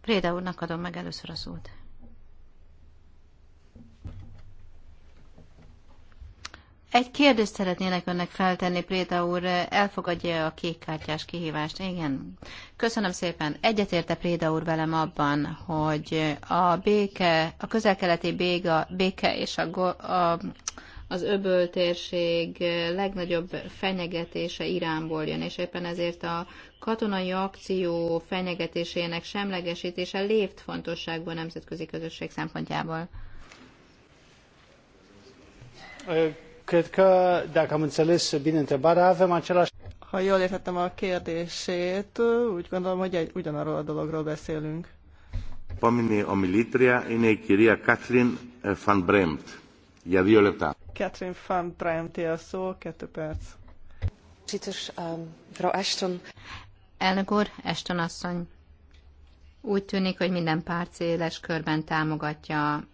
Préda úrnak adom meg először a szót. Egy kérdést szeretnének önnek feltenni, Préta úr, elfogadja a kékkártyás kihívást? Igen. Köszönöm szépen. Egyetérte Préda úr velem abban, hogy a béke, a közelkeleti béga, béke és a, a az öböltérség legnagyobb fenyegetése Iránból jön, és éppen ezért a katonai akció fenyegetésének semlegesítése lépt fontosságban nemzetközi közösség szempontjából. Ö Cred că, dacă am înțeles bine întrebarea, avem același... Ha jól értettem a kérdését, úgy gondolom, hogy egy, ugyanarról a dologról beszélünk. Επόμενη ομιλήτρια είναι η κυρία Κάθριν Φαν Μπρέμπτ. Για δύο λεπτά. Κάθριν Φαν Μπρέμπτ, a szó, kettő perc. Csitos, Frau um, Ashton. Elnök úr, Ashton asszony. Úgy tűnik, hogy minden párt széles körben támogatja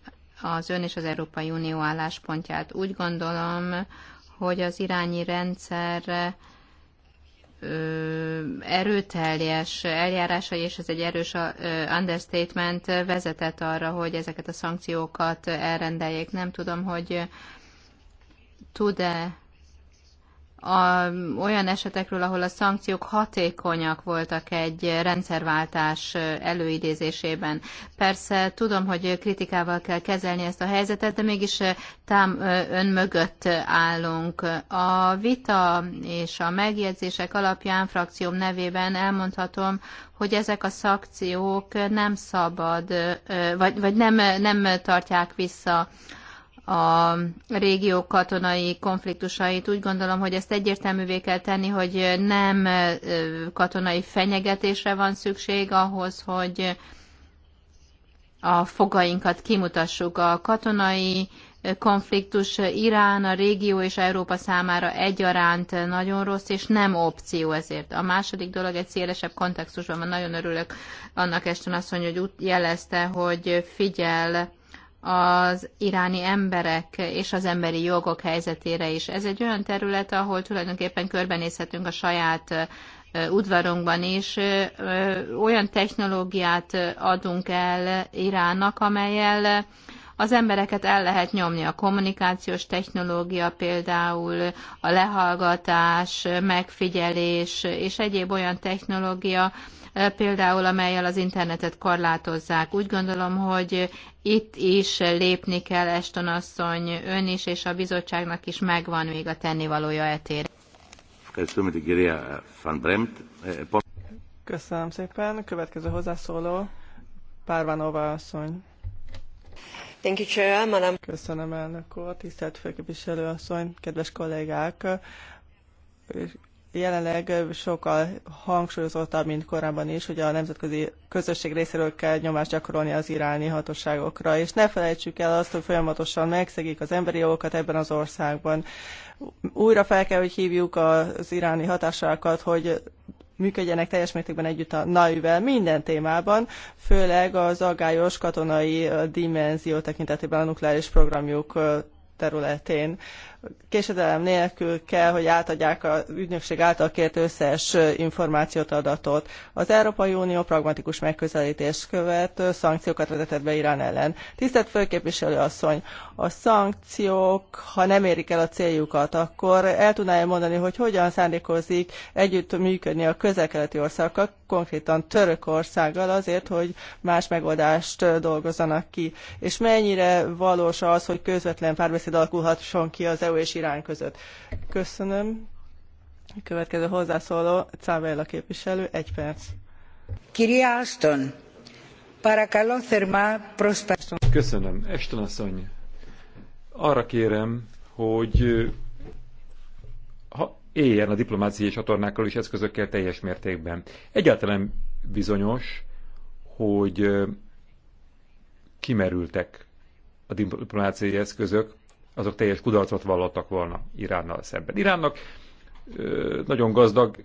az ön és az Európai Unió álláspontját. Úgy gondolom, hogy az irányi rendszer erőteljes eljárásai, és ez egy erős understatement vezetett arra, hogy ezeket a szankciókat elrendeljék. Nem tudom, hogy tud-e a, olyan esetekről, ahol a szankciók hatékonyak voltak egy rendszerváltás előidézésében. Persze tudom, hogy kritikával kell kezelni ezt a helyzetet, de mégis eh, tám eh, ön mögött állunk. A vita és a megjegyzések alapján frakcióm nevében elmondhatom, hogy ezek a szankciók nem szabad, eh, vagy, vagy nem, nem tartják vissza a régió katonai konfliktusait. Úgy gondolom, hogy ezt egyértelművé kell tenni, hogy nem katonai fenyegetésre van szükség ahhoz, hogy a fogainkat kimutassuk. A katonai konfliktus Irán, a régió és Európa számára egyaránt nagyon rossz, és nem opció ezért. A második dolog egy szélesebb kontextusban van. Nagyon örülök annak azt mondja, hogy jelezte, hogy figyel az iráni emberek és az emberi jogok helyzetére is. Ez egy olyan terület, ahol tulajdonképpen körbenézhetünk a saját udvarunkban is. Olyan technológiát adunk el Iránnak, amelyel az embereket el lehet nyomni. A kommunikációs technológia például, a lehallgatás, megfigyelés és egyéb olyan technológia, Eh, például amelyel az internetet korlátozzák. Úgy gondolom, hogy itt is lépni kell, Eston asszony, ön is, és a bizottságnak is megvan még a tennivalója etére. Eh, eh, Köszönöm szépen. Következő hozzászóló, Párvánova asszony. Thank you, Chair, Madam. Köszönöm elnök úr, tisztelt főképviselő asszony, kedves kollégák. És jelenleg sokkal hangsúlyozottabb, mint korábban is, hogy a nemzetközi közösség részéről kell nyomást gyakorolni az iráni hatóságokra, és ne felejtsük el azt, hogy folyamatosan megszegik az emberi jogokat ebben az országban. Újra fel kell, hogy hívjuk az iráni hatásokat, hogy működjenek teljes mértékben együtt a naivel minden témában, főleg az agályos katonai dimenzió tekintetében a nukleáris programjuk területén késedelem nélkül kell, hogy átadják az ügynökség által kért összes információt, adatot. Az Európai Unió pragmatikus megközelítés követ szankciókat vezetett be Irán ellen. Tisztelt főképviselő asszony, a szankciók, ha nem érik el a céljukat, akkor el tudná mondani, hogy hogyan szándékozik együtt működni a közel-keleti országokkal, konkrétan Törökországgal azért, hogy más megoldást dolgozzanak ki. És mennyire valós az, hogy közvetlen párbeszéd alakulhasson ki az EU EU és Irán között. Köszönöm. Következő hozzászóló, Cávella képviselő, egy perc. Kiria Aston, para Köszönöm. Eston asszony, arra kérem, hogy ha éljen a diplomáciai csatornákkal és eszközökkel teljes mértékben. Egyáltalán bizonyos, hogy kimerültek a diplomáciai eszközök azok teljes kudarcot vallottak volna Iránnal szemben. Iránnak nagyon gazdag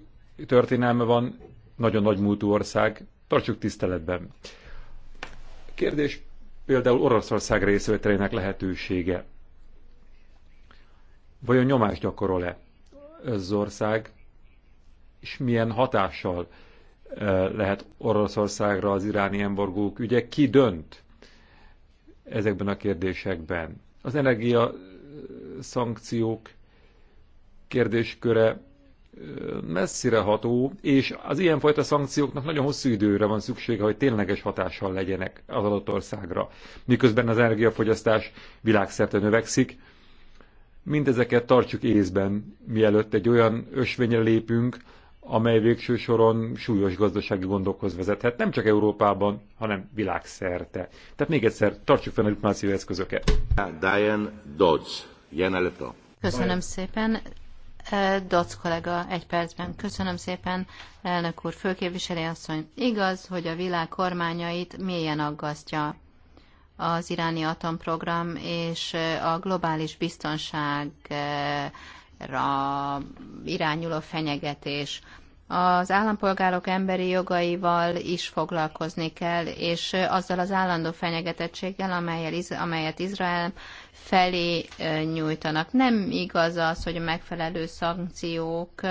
történelme van, nagyon nagy múltú ország, tartsuk tiszteletben. Kérdés például Oroszország részvételének lehetősége. Vajon nyomást gyakorol-e az ország, és milyen hatással lehet Oroszországra az iráni emborgók ügye? Ki dönt ezekben a kérdésekben? Az energia szankciók kérdésköre messzire ható, és az ilyenfajta szankcióknak nagyon hosszú időre van szüksége, hogy tényleges hatással legyenek az adott országra. Miközben az energiafogyasztás világszerte növekszik, mindezeket tartsuk észben, mielőtt egy olyan ösvényre lépünk, amely végső soron súlyos gazdasági gondokhoz vezethet, nem csak Európában, hanem világszerte. Tehát még egyszer, tartsuk fel a diplomáciai eszközöket. Diane Dodds, jelenleto. Köszönöm szépen. Eh, Dodds kollega, egy percben. Köszönöm szépen, elnök úr, főképviselő asszony. Igaz, hogy a világ kormányait mélyen aggasztja az iráni atomprogram és a globális biztonság eh, irányuló fenyegetés. Az állampolgárok emberi jogaival is foglalkozni kell, és azzal az állandó fenyegetettséggel, amelyet, amelyet Izrael felé nyújtanak. Nem igaz az, hogy a megfelelő szankciók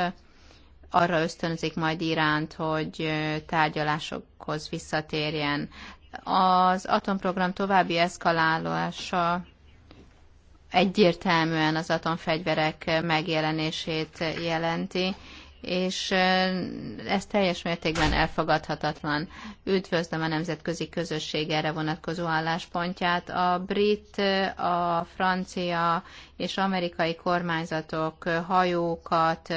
arra ösztönzik majd Iránt, hogy tárgyalásokhoz visszatérjen. Az atomprogram további eszkalálása egyértelműen az atomfegyverek megjelenését jelenti, és ez teljes mértékben elfogadhatatlan. Üdvözlöm a nemzetközi közösség erre vonatkozó álláspontját. A brit, a francia és amerikai kormányzatok hajókat,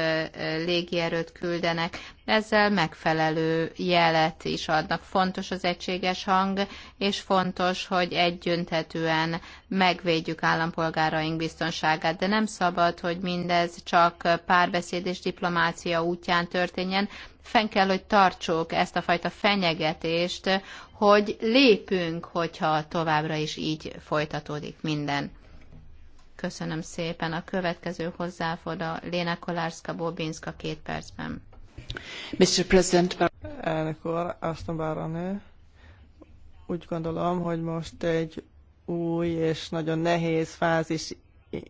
légierőt küldenek, ezzel megfelelő jelet is adnak. Fontos az egységes hang, és fontos, hogy együntetően megvédjük állampolgáraink biztonságát, de nem szabad, hogy mindez csak párbeszéd és diplomácia útján történjen. Fenn kell, hogy tartsuk ezt a fajta fenyegetést, hogy lépünk, hogyha továbbra is így folytatódik minden. Köszönöm szépen. A következő hozzáfoda Léna Kolárszka-Bobinska két percben. Mr. President. Uh, Elnök úr, Aston Baranő, úgy gondolom, hogy most egy új és nagyon nehéz fázis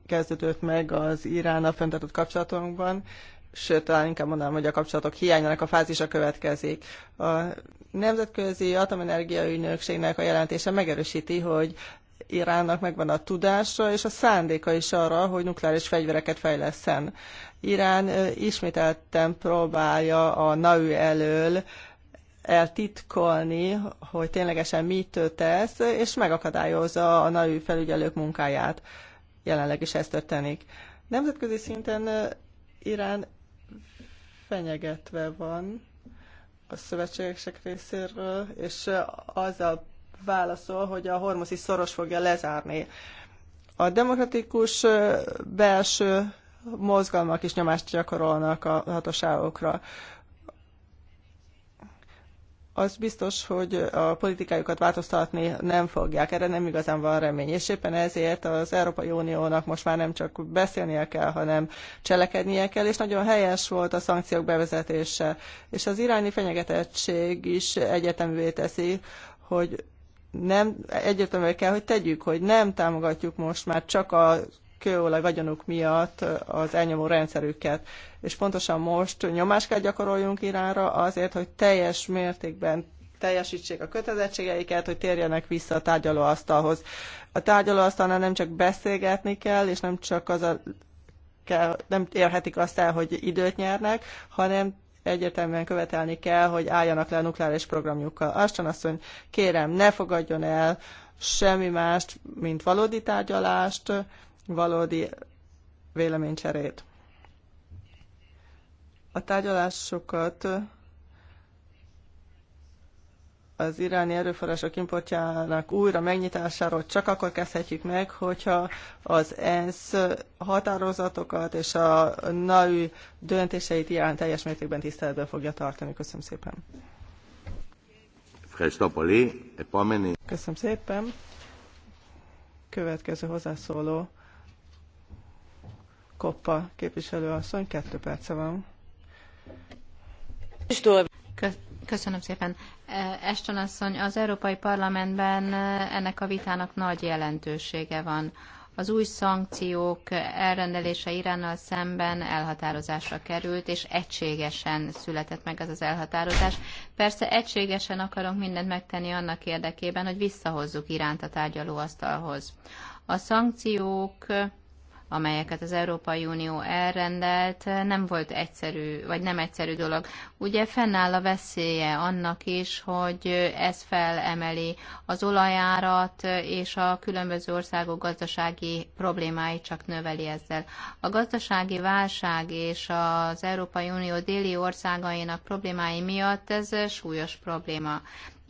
kezdődött meg az Iránnal fenntartott kapcsolatunkban, sőt, talán inkább mondanám, hogy a kapcsolatok hiányának a fázisa következik. A Nemzetközi Atomenergia Ügynökségnek a jelentése megerősíti, hogy Iránnak megvan a tudása és a szándéka is arra, hogy nukleáris fegyvereket fejleszten. Irán ismételten próbálja a NAU elől eltitkolni, hogy ténylegesen mit tesz, és megakadályozza a NAU felügyelők munkáját. Jelenleg is ez történik. Nemzetközi szinten Irán fenyegetve van a szövetségesek részéről, és azzal válaszol, hogy a hormoszi szoros fogja lezárni. A demokratikus belső mozgalmak is nyomást gyakorolnak a hatóságokra. Az biztos, hogy a politikájukat változtatni nem fogják, erre nem igazán van remény, és éppen ezért az Európai Uniónak most már nem csak beszélnie kell, hanem cselekednie kell, és nagyon helyes volt a szankciók bevezetése, és az iráni fenyegetettség is egyeteművé teszi, hogy nem, egyértelműen kell, hogy tegyük, hogy nem támogatjuk most már csak a kőolaj vagyonuk miatt az elnyomó rendszerüket. És pontosan most nyomást kell gyakoroljunk Iránra azért, hogy teljes mértékben teljesítsék a kötelezettségeiket, hogy térjenek vissza a tárgyalóasztalhoz. A tárgyalóasztalnál nem csak beszélgetni kell, és nem csak az a kell, nem érhetik azt el, hogy időt nyernek, hanem egyértelműen követelni kell, hogy álljanak le a nukleáris programjukkal. azt mondja, kérem, ne fogadjon el semmi mást, mint valódi tárgyalást, valódi véleménycserét. A tárgyalásokat az iráni erőforrások importjának újra megnyitásáról csak akkor kezdhetjük meg, hogyha az ENSZ határozatokat és a NAU döntéseit Irán teljes mértékben tiszteletben fogja tartani. Köszönöm szépen. Köszönöm szépen. Következő hozzászóló Koppa képviselőasszony, kettő perce van. Köszönöm szépen. E, Eston asszony, az Európai Parlamentben e, ennek a vitának nagy jelentősége van. Az új szankciók elrendelése Iránnal szemben elhatározásra került, és egységesen született meg ez az elhatározás. Persze egységesen akarunk mindent megtenni annak érdekében, hogy visszahozzuk Iránt a tárgyalóasztalhoz. A szankciók amelyeket az Európai Unió elrendelt, nem volt egyszerű, vagy nem egyszerű dolog. Ugye fennáll a veszélye annak is, hogy ez felemeli az olajárat, és a különböző országok gazdasági problémáit csak növeli ezzel. A gazdasági válság és az Európai Unió déli országainak problémái miatt ez súlyos probléma.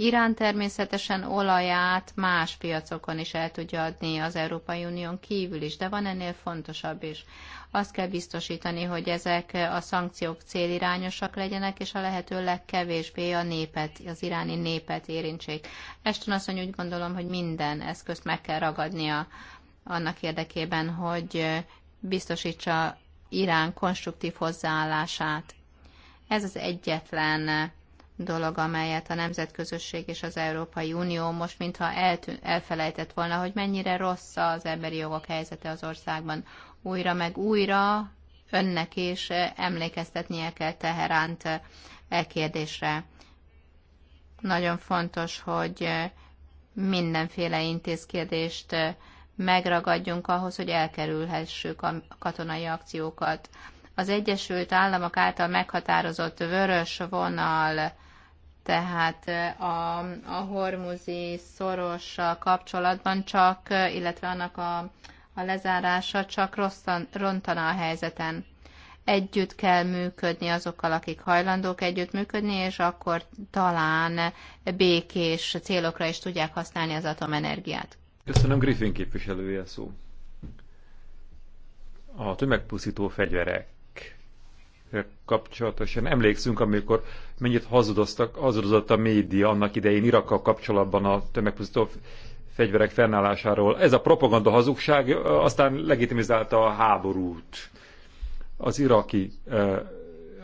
Irán természetesen olaját más piacokon is el tudja adni az Európai Unión kívül is, de van ennél fontosabb is. Azt kell biztosítani, hogy ezek a szankciók célirányosak legyenek, és a lehető legkevésbé a népet, az iráni népet érintsék. Eston asszony úgy gondolom, hogy minden eszközt meg kell ragadnia annak érdekében, hogy biztosítsa Irán konstruktív hozzáállását. Ez az egyetlen dolog, amelyet a nemzetközösség és az Európai Unió most mintha eltű, elfelejtett volna, hogy mennyire rossz az emberi jogok helyzete az országban. Újra meg újra önnek is emlékeztetnie kell Teheránt e kérdésre. Nagyon fontos, hogy mindenféle intézkedést megragadjunk ahhoz, hogy elkerülhessük a katonai akciókat. Az Egyesült Államok által meghatározott vörös vonal tehát a, a hormuzi szoros kapcsolatban csak, illetve annak a, a lezárása csak rosszan, rontana a helyzeten. Együtt kell működni azokkal, akik hajlandók együtt működni, és akkor talán békés célokra is tudják használni az atomenergiát. Köszönöm, Griffin képviselője szó. A tömegpusztító fegyverek kapcsolatosan emlékszünk, amikor mennyit hazudoztak, hazudozott a média annak idején Irakkal kapcsolatban a tömegpusztító fegyverek fennállásáról. Ez a propaganda hazugság aztán legitimizálta a háborút. Az iraki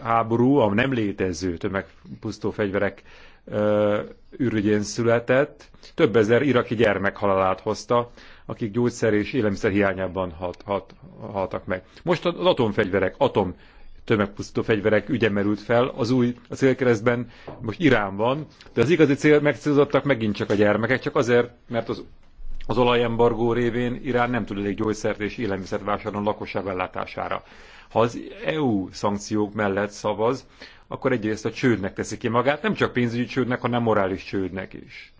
háború, a nem létező tömegpusztó fegyverek ürügyén született, több ezer iraki gyermek halálát hozta, akik gyógyszer és élelmiszer hiányában halt, halt, haltak meg. Most az atomfegyverek, atom tömegpusztító fegyverek ügye merült fel. Az új, a célkeresztben most Irán van, de az igazi cél megcélzottak megint csak a gyermekek, csak azért, mert az az olajembargó révén Irán nem tud elég gyógyszert és élelmiszert vásárolni lakosság ellátására. Ha az EU szankciók mellett szavaz, akkor egyrészt a csődnek teszi ki magát, nem csak pénzügyi csődnek, hanem morális csődnek is.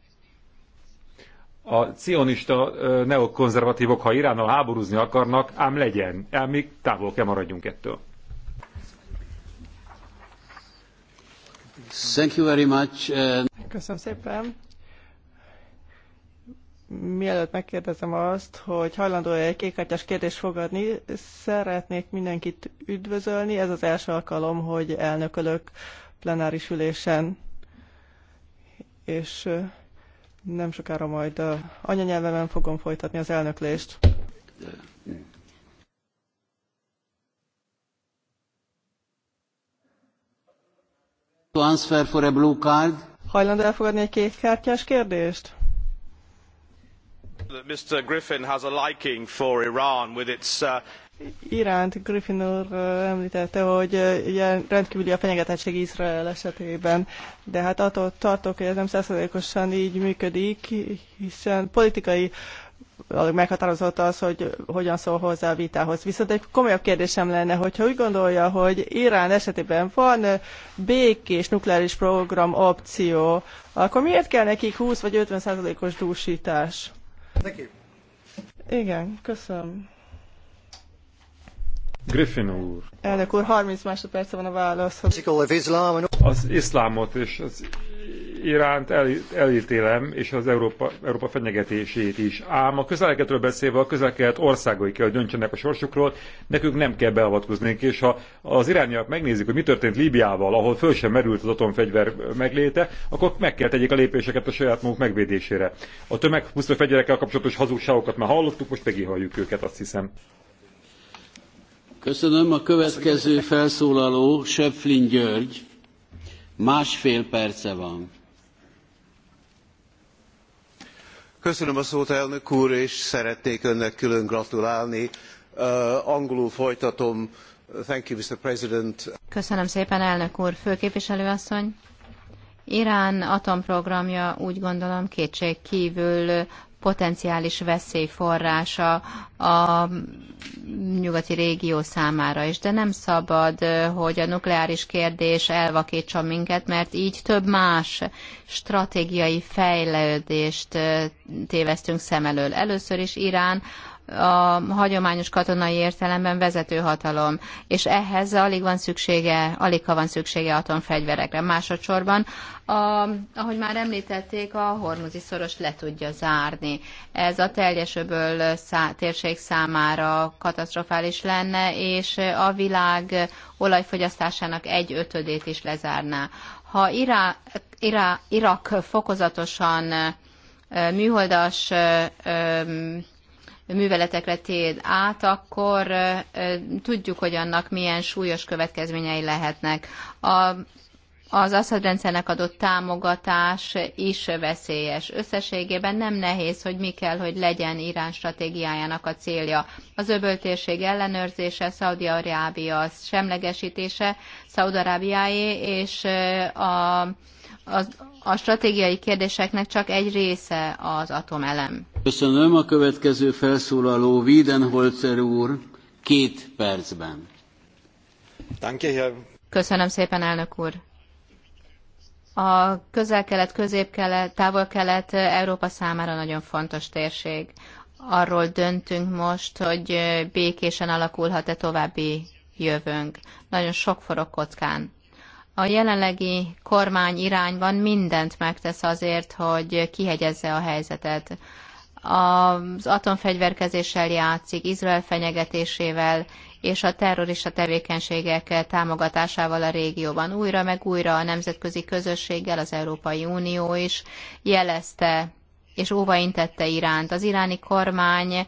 A cionista neokonzervatívok, ha Iránnal háborúzni akarnak, ám legyen, ám még távol kell maradjunk ettől. Thank you very much. Uh, Köszönöm szépen. Mielőtt megkérdezem azt, hogy hajlandó-e egy kékkártyás kérdést fogadni, szeretnék mindenkit üdvözölni. Ez az első alkalom, hogy elnökölök plenáris ülésen, és nem sokára majd anyanyelvemen fogom folytatni az elnöklést. Transfer for a blue card. Hajlandó elfogadni egy kártyás kérdést? Mr. Griffin has a liking for Iran with its uh... Iránt Griffin úr uh, említette, hogy ilyen uh, rendkívüli a fenyegetettség Izrael esetében, de hát attól tartok, hogy ez nem százszerzékosan így működik, hiszen politikai meghatározott az, hogy hogyan szól hozzá a vitához. Viszont egy komolyabb kérdésem lenne, hogyha úgy gondolja, hogy Irán esetében van békés nukleáris program opció, akkor miért kell nekik 20 vagy 50 százalékos dúsítás? Neki. Igen, köszönöm. Griffin úr. Elnök úr, 30 másodperc van a válasz. Az iszlámot és az iránt el, elítélem, és az Európa, Európa fenyegetését is. Ám a közeleketről beszélve a közelkelet országai kell, hogy döntsenek a sorsukról, nekünk nem kell beavatkozni, és ha az irányok megnézik, hogy mi történt Líbiával, ahol föl sem merült az atomfegyver megléte, akkor meg kell tegyék a lépéseket a saját maguk megvédésére. A tömegpusztó fegyverekkel kapcsolatos hazugságokat már hallottuk, most meghalljuk őket, azt hiszem. Köszönöm. A következő felszólaló Söpflin György. Másfél perce van. köszönöm a szót elnök úr és szeretnék önnek külön gratulálni. Uh, angolul folytatom. Thank you, Mr. President. Köszönöm szépen, elnök úr. Főképviselő asszony. Irán atomprogramja úgy gondolom kétség kívül potenciális veszélyforrása a nyugati régió számára is. De nem szabad, hogy a nukleáris kérdés elvakítsa minket, mert így több más stratégiai fejlődést tévesztünk szem elől. Először is Irán a hagyományos katonai értelemben vezető hatalom, és ehhez alig van szüksége, alig ha van szüksége atomfegyverekre. Másodszorban, a, ahogy már említették, a hormuzi szoros le tudja zárni. Ez a teljesöböl szá, térség számára katasztrofális lenne, és a világ olajfogyasztásának egy ötödét is lezárná. Ha Irá, Irá, Irak fokozatosan műholdas műveletekre tér át, akkor tudjuk, hogy annak milyen súlyos következményei lehetnek. A, az Assad rendszernek adott támogatás is veszélyes. Összességében nem nehéz, hogy mi kell, hogy legyen Irán stratégiájának a célja. Az öböltérség ellenőrzése, Szaudi-Arábia semlegesítése, Szaudarábiáé és a az, a stratégiai kérdéseknek csak egy része az atomelem. Köszönöm a következő felszólaló Wiedenholzer úr két percben. Köszönöm szépen, elnök úr. A közel-kelet, közép-kelet, távol-kelet Európa számára nagyon fontos térség. Arról döntünk most, hogy békésen alakulhat-e további jövőnk. Nagyon sok forog kockán a jelenlegi kormány irányban mindent megtesz azért, hogy kihegyezze a helyzetet. Az atomfegyverkezéssel játszik, Izrael fenyegetésével és a terrorista tevékenységek támogatásával a régióban. Újra meg újra a nemzetközi közösséggel az Európai Unió is jelezte és óvaintette Iránt. Az iráni kormány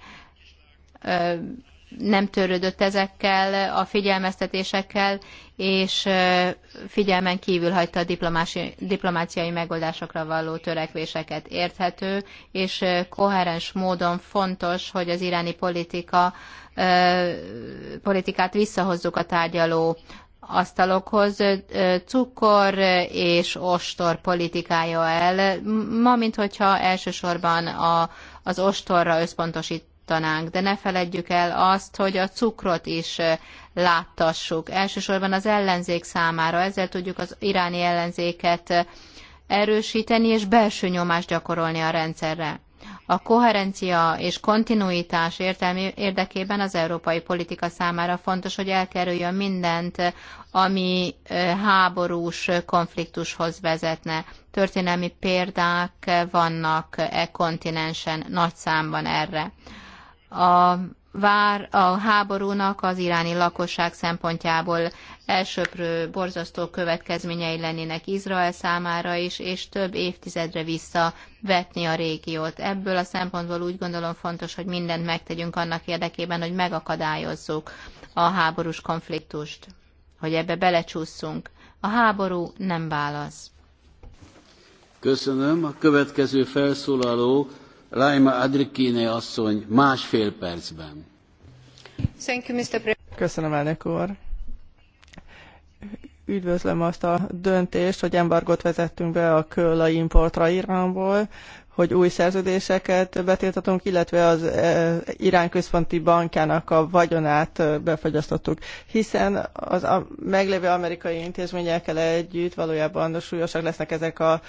nem törődött ezekkel a figyelmeztetésekkel, és figyelmen kívül hagyta a diplomáciai megoldásokra való törekvéseket érthető, és koherens módon fontos, hogy az iráni politika, politikát visszahozzuk a tárgyaló asztalokhoz cukor és ostor politikája el, ma mint hogyha elsősorban a, az ostorra összpontosít, láttanánk, de ne feledjük el azt, hogy a cukrot is láttassuk. Elsősorban az ellenzék számára, ezzel tudjuk az iráni ellenzéket erősíteni és belső nyomást gyakorolni a rendszerre. A koherencia és kontinuitás értelmi érdekében az európai politika számára fontos, hogy elkerüljön mindent, ami háborús konfliktushoz vezetne. Történelmi példák vannak e kontinensen nagy számban erre a vár a háborúnak az iráni lakosság szempontjából elsőprő borzasztó következményei lennének Izrael számára is, és több évtizedre vissza vetni a régiót. Ebből a szempontból úgy gondolom fontos, hogy mindent megtegyünk annak érdekében, hogy megakadályozzuk a háborús konfliktust, hogy ebbe belecsúszunk. A háború nem válasz. Köszönöm. A következő felszólaló Laima Adrikine asszony másfél percben. Köszönöm, elnök úr. Üdvözlöm azt a döntést, hogy embargot vezettünk be a kőolaj importra Iránból, hogy új szerződéseket betiltatunk, illetve az e, Irán központi bankjának a vagyonát befagyasztottuk. Hiszen az a meglévő amerikai intézményekkel együtt valójában súlyosak lesznek ezek a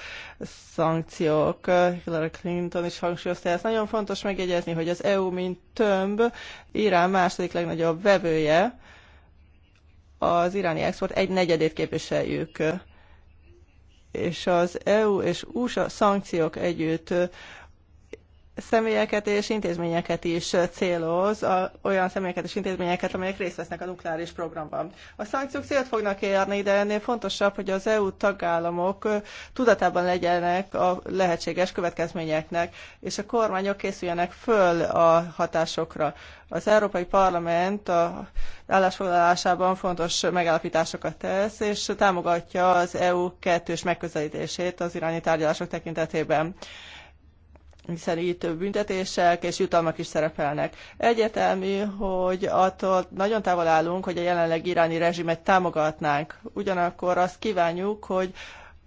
szankciók. Hillary Clinton is hangsúlyozta ezt. Nagyon fontos megjegyezni, hogy az EU, mint tömb, Irán második legnagyobb vevője, az iráni export egy negyedét képviseljük. És az EU és USA szankciók együtt személyeket és intézményeket is céloz, a, olyan személyeket és intézményeket, amelyek részt vesznek a nukleáris programban. A szankciók célt fognak érni, de ennél fontosabb, hogy az EU tagállamok tudatában legyenek a lehetséges következményeknek, és a kormányok készüljenek föl a hatásokra. Az Európai Parlament a állásfoglalásában fontos megállapításokat tesz, és támogatja az EU kettős megközelítését az irányi tárgyalások tekintetében hiszen itt büntetések és jutalmak is szerepelnek. Egyetelmű, hogy attól nagyon távol állunk, hogy a jelenleg iráni rezsimet támogatnánk. Ugyanakkor azt kívánjuk, hogy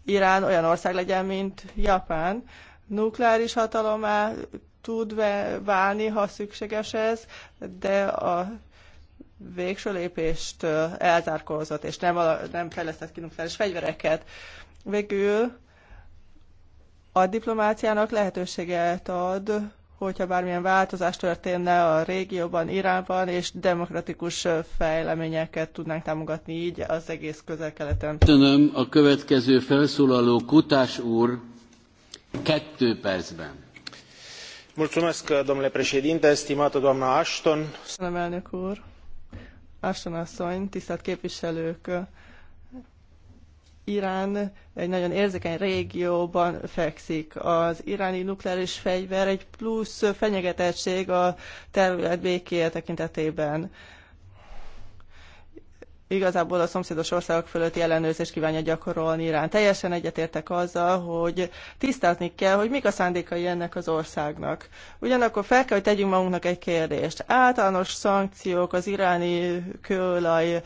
Irán olyan ország legyen, mint Japán. Nukleáris hatalomá tud válni, ha szükséges ez, de a végső lépést elzárkózott, és nem, nem fejlesztett ki nukleáris fegyvereket. Végül a diplomáciának lehetőséget ad, hogyha bármilyen változás történne a régióban, Iránban, és demokratikus fejleményeket tudnánk támogatni így az egész közel-keleten. Köszönöm a következő felszólaló Kutás úr kettő percben. Mulțumesc, domnule președinte, stimată doamna Ashton. Köszönöm, elnök úr. Ashton asszony, tisztelt képviselők. Irán egy nagyon érzékeny régióban fekszik. Az iráni nukleáris fegyver egy plusz fenyegetettség a terület békéje tekintetében. Igazából a szomszédos országok fölött ellenőrzést kívánja gyakorolni Irán. Teljesen egyetértek azzal, hogy tisztázni kell, hogy mik a szándékai ennek az országnak. Ugyanakkor fel kell, hogy tegyünk magunknak egy kérdést. Általános szankciók az iráni kőolaj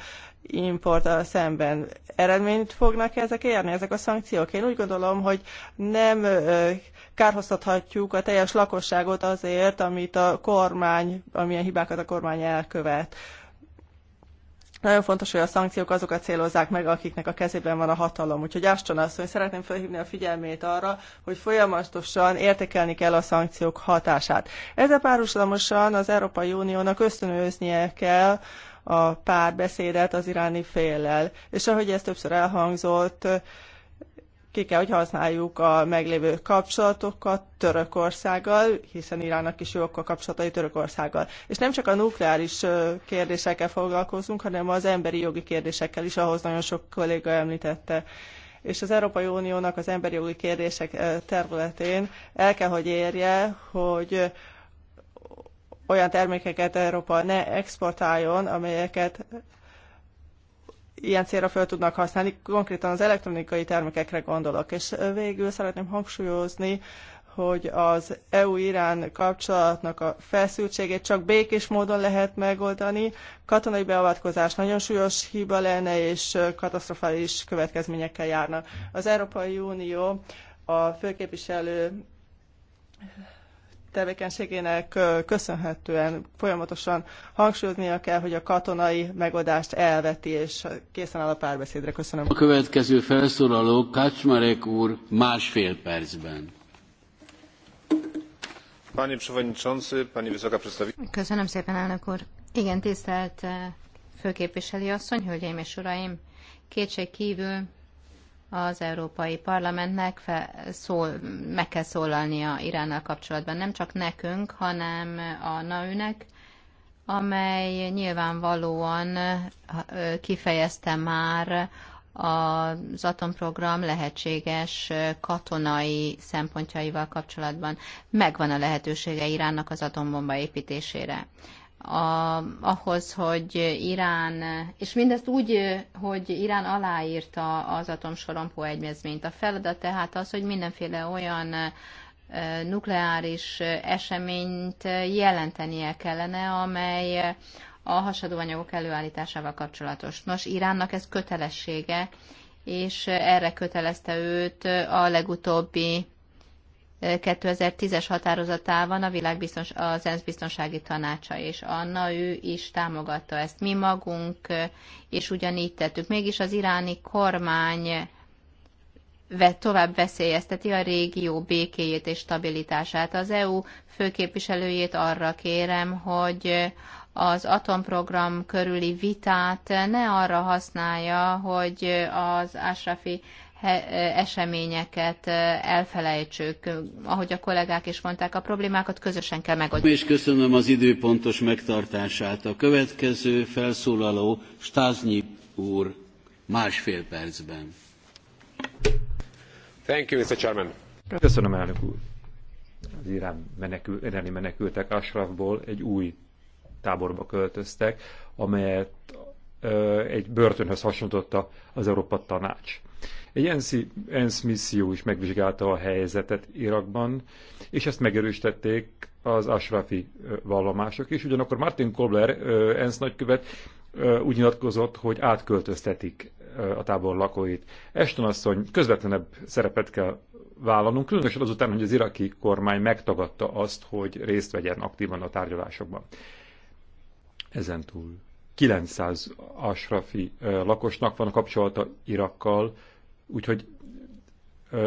importtal szemben. Eredményt fognak -e ezek érni, ezek a szankciók? Én úgy gondolom, hogy nem kárhoztathatjuk a teljes lakosságot azért, amit a kormány, amilyen hibákat a kormány elkövet. Nagyon fontos, hogy a szankciók azokat célozzák meg, akiknek a kezében van a hatalom. Úgyhogy azt hogy szeretném felhívni a figyelmét arra, hogy folyamatosan értékelni kell a szankciók hatását. Ezzel párhuzamosan az Európai Uniónak ösztönöznie kell a párbeszédet az iráni féllel. És ahogy ez többször elhangzott, ki kell, hogy használjuk a meglévő kapcsolatokat Törökországgal, hiszen Iránnak is jók a kapcsolatai Törökországgal. És nem csak a nukleáris kérdésekkel foglalkozunk, hanem az emberi jogi kérdésekkel is, ahhoz nagyon sok kolléga említette. És az Európai Uniónak az emberi jogi kérdések területén el kell, hogy érje, hogy olyan termékeket Európa ne exportáljon, amelyeket ilyen célra fel tudnak használni, konkrétan az elektronikai termékekre gondolok. És végül szeretném hangsúlyozni, hogy az EU-Irán kapcsolatnak a feszültségét csak békés módon lehet megoldani. Katonai beavatkozás nagyon súlyos hiba lenne, és katasztrofális következményekkel járna. Az Európai Unió a főképviselő tevékenységének köszönhetően folyamatosan hangsúlyoznia kell, hogy a katonai megoldást elveti, és készen áll a párbeszédre. Köszönöm. A következő felszólaló Kacsmarek úr másfél percben. Panie Przewodniczący, Pani Wysoka Przedstawiciel. Köszönöm szépen, elnök úr. Igen, tisztelt főképviselő asszony, hölgyeim és uraim. Kétség kívül az Európai Parlamentnek fel, szól, meg kell szólalnia Iránnal kapcsolatban. Nem csak nekünk, hanem a nau nek amely nyilvánvalóan kifejezte már az atomprogram lehetséges katonai szempontjaival kapcsolatban. Megvan a lehetősége Iránnak az atombomba építésére a, ahhoz, hogy Irán, és mindezt úgy, hogy Irán aláírta az atomsorompó egyezményt. A feladat tehát az, hogy mindenféle olyan nukleáris eseményt jelentenie kellene, amely a hasadóanyagok előállításával kapcsolatos. Nos, Iránnak ez kötelessége, és erre kötelezte őt a legutóbbi 2010-es határozatában a világbiztons, az ENSZ biztonsági tanácsa és Anna, ő is támogatta ezt. Mi magunk és ugyanígy tettük. Mégis az iráni kormány tovább veszélyezteti a régió békéjét és stabilitását. Az EU főképviselőjét arra kérem, hogy az atomprogram körüli vitát ne arra használja, hogy az Ásrafi eseményeket elfelejtsük. Ahogy a kollégák is mondták, a problémákat közösen kell megoldani. És köszönöm az időpontos megtartását. A következő felszólaló Stáznyi úr másfél percben. Thank you, Mr. Chairman. Köszönöm, elnök úr. Az irán menekül, iráni menekültek Ashrafból egy új táborba költöztek, amelyet egy börtönhöz hasonlította az Európa Tanács egy ENSZ, misszió is megvizsgálta a helyzetet Irakban, és ezt megerősítették az Ashrafi vallomások is. Ugyanakkor Martin Kobler, ENSZ nagykövet, úgy nyilatkozott, hogy átköltöztetik a tábor lakóit. Eston asszony közvetlenebb szerepet kell vállalnunk, különösen azután, hogy az iraki kormány megtagadta azt, hogy részt vegyen aktívan a tárgyalásokban. Ezen túl 900 asrafi lakosnak van kapcsolata Irakkal, úgyhogy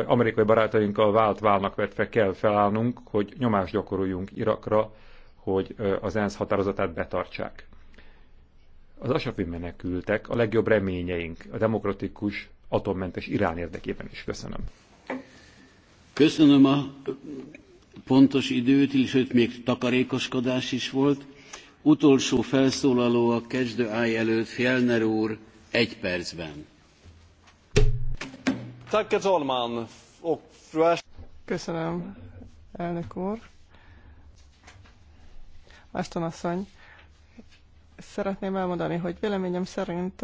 amerikai barátainkkal vált válnak vetve kell felállnunk, hogy nyomást gyakoroljunk Irakra, hogy az ENSZ határozatát betartsák. Az asrafi menekültek a legjobb reményeink a demokratikus, atommentes Irán érdekében is. Köszönöm. Köszönöm a pontos időt, és hogy még takarékoskodás is volt. Utolsó felszólaló a kezdőáj előtt Fjellner úr egy percben. Köszönöm, elnök úr. Aston asszony, szeretném elmondani, hogy véleményem szerint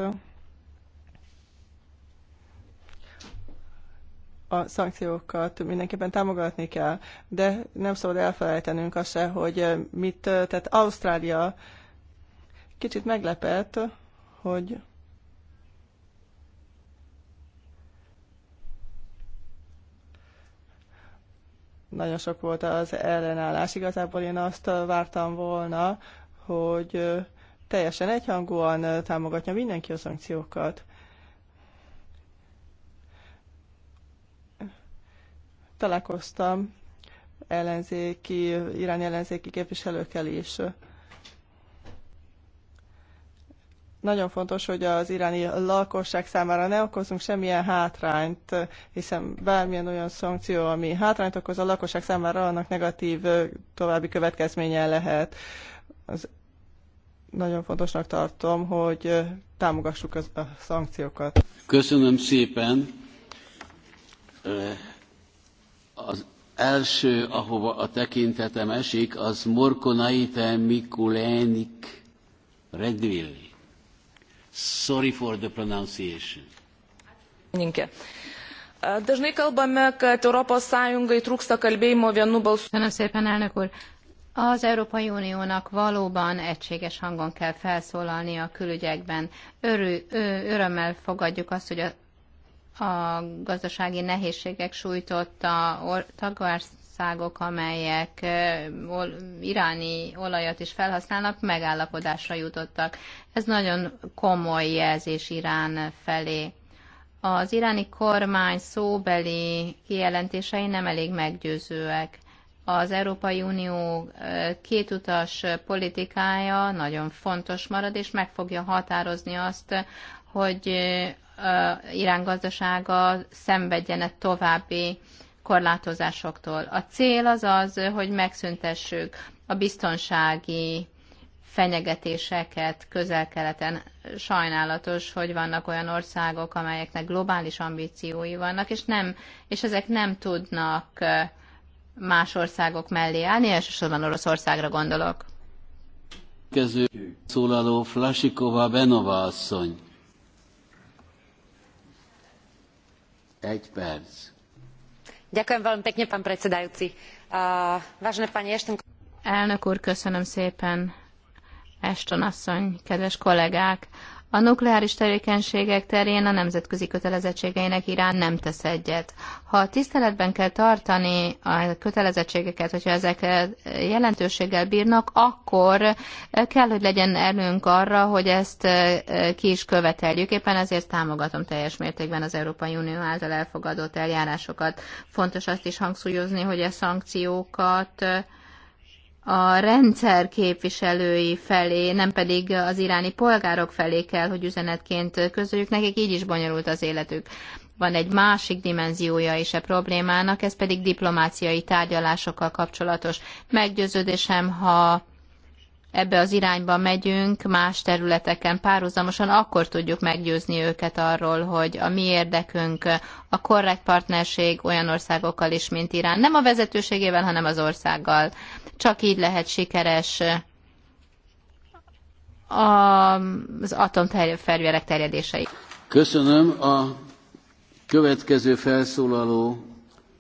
a szankciókat mindenképpen támogatni kell, de nem szabad elfelejtenünk azt se, hogy mit tehát Ausztrália kicsit meglepett, hogy nagyon sok volt az ellenállás. Igazából én azt vártam volna, hogy teljesen egyhangúan támogatja mindenki a szankciókat. találkoztam ellenzéki, irány ellenzéki képviselőkkel is. Nagyon fontos, hogy az iráni lakosság számára ne okozunk semmilyen hátrányt, hiszen bármilyen olyan szankció, ami hátrányt okoz a lakosság számára, annak negatív további következménye lehet. Az nagyon fontosnak tartom, hogy támogassuk a szankciókat. Köszönöm szépen az első, ahova a tekintetem esik, az Morkonaite Mikulénik Redvilli. Sorry for the pronunciation. Ninke. Dažnai kalbame, kad Europos Sąjungai trūksta kalbėjimo vienu balsu. Köszönöm szépen, elnök úr. Az Európai Uniónak valóban egységes hangon kell felszólalni a külügyekben. Örül, örömmel fogadjuk azt, hogy a a gazdasági nehézségek sújtotta tagországok, amelyek iráni olajat is felhasználnak, megállapodásra jutottak. Ez nagyon komoly jelzés Irán felé. Az iráni kormány szóbeli kijelentései nem elég meggyőzőek. Az Európai Unió kétutas politikája nagyon fontos marad, és meg fogja határozni azt, hogy Irán gazdasága szenvedjene további korlátozásoktól. A cél az az, hogy megszüntessük a biztonsági fenyegetéseket közel-keleten. Sajnálatos, hogy vannak olyan országok, amelyeknek globális ambíciói vannak, és, nem, és ezek nem tudnak más országok mellé állni, elsősorban Oroszországra gondolok. Kezdő szólaló Flasikova Benova asszony. Elnök úr, köszönöm szépen. Ashton asszony, kedves kollégák, a nukleáris tevékenységek terén a nemzetközi kötelezettségeinek Irán nem tesz egyet. Ha tiszteletben kell tartani a kötelezettségeket, hogyha ezek jelentőséggel bírnak, akkor kell, hogy legyen előnk arra, hogy ezt ki is követeljük. Éppen ezért támogatom teljes mértékben az Európai Unió által elfogadott eljárásokat. Fontos azt is hangsúlyozni, hogy a szankciókat a rendszer képviselői felé, nem pedig az iráni polgárok felé kell, hogy üzenetként közöljük, nekik így is bonyolult az életük. Van egy másik dimenziója is a problémának, ez pedig diplomáciai tárgyalásokkal kapcsolatos. Meggyőződésem, ha ebbe az irányba megyünk más területeken párhuzamosan, akkor tudjuk meggyőzni őket arról, hogy a mi érdekünk a korrekt partnerség olyan országokkal is, mint Irán. Nem a vezetőségével, hanem az országgal. Csak így lehet sikeres az atomfegyverek terjedései. Köszönöm a következő felszólaló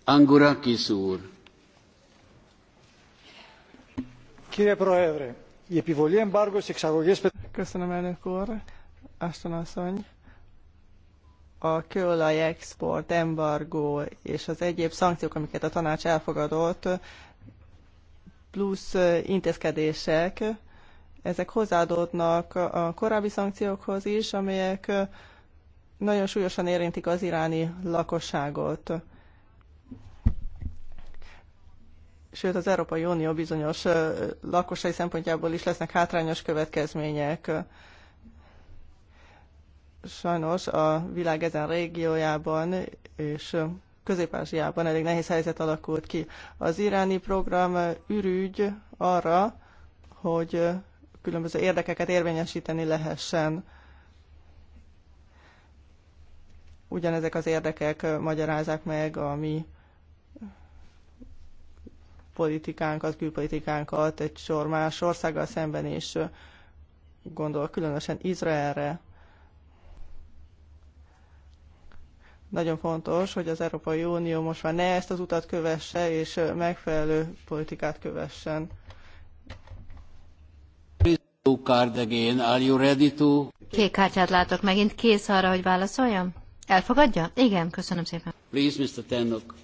Angurakis úr. Kire Proevre, elnök úr. A kőolaj export, embargó és az egyéb szankciók, amiket a tanács elfogadott, plusz intézkedések, ezek hozzáadódnak a korábbi szankciókhoz is, amelyek nagyon súlyosan érintik az iráni lakosságot. sőt az Európai Unió bizonyos lakosai szempontjából is lesznek hátrányos következmények. Sajnos a világ ezen régiójában és Közép-Ázsiában elég nehéz helyzet alakult ki. Az iráni program ürügy arra, hogy különböző érdekeket érvényesíteni lehessen. Ugyanezek az érdekek magyarázzák meg a mi politikánkat, külpolitikánkat egy sor más országgal szemben is gondol, különösen Izraelre. Nagyon fontos, hogy az Európai Unió most már ne ezt az utat kövesse, és megfelelő politikát kövessen. Kék kártyát látok megint. Kész arra, hogy válaszoljam? Elfogadja? Igen, köszönöm szépen. Please, Mr. Tenok.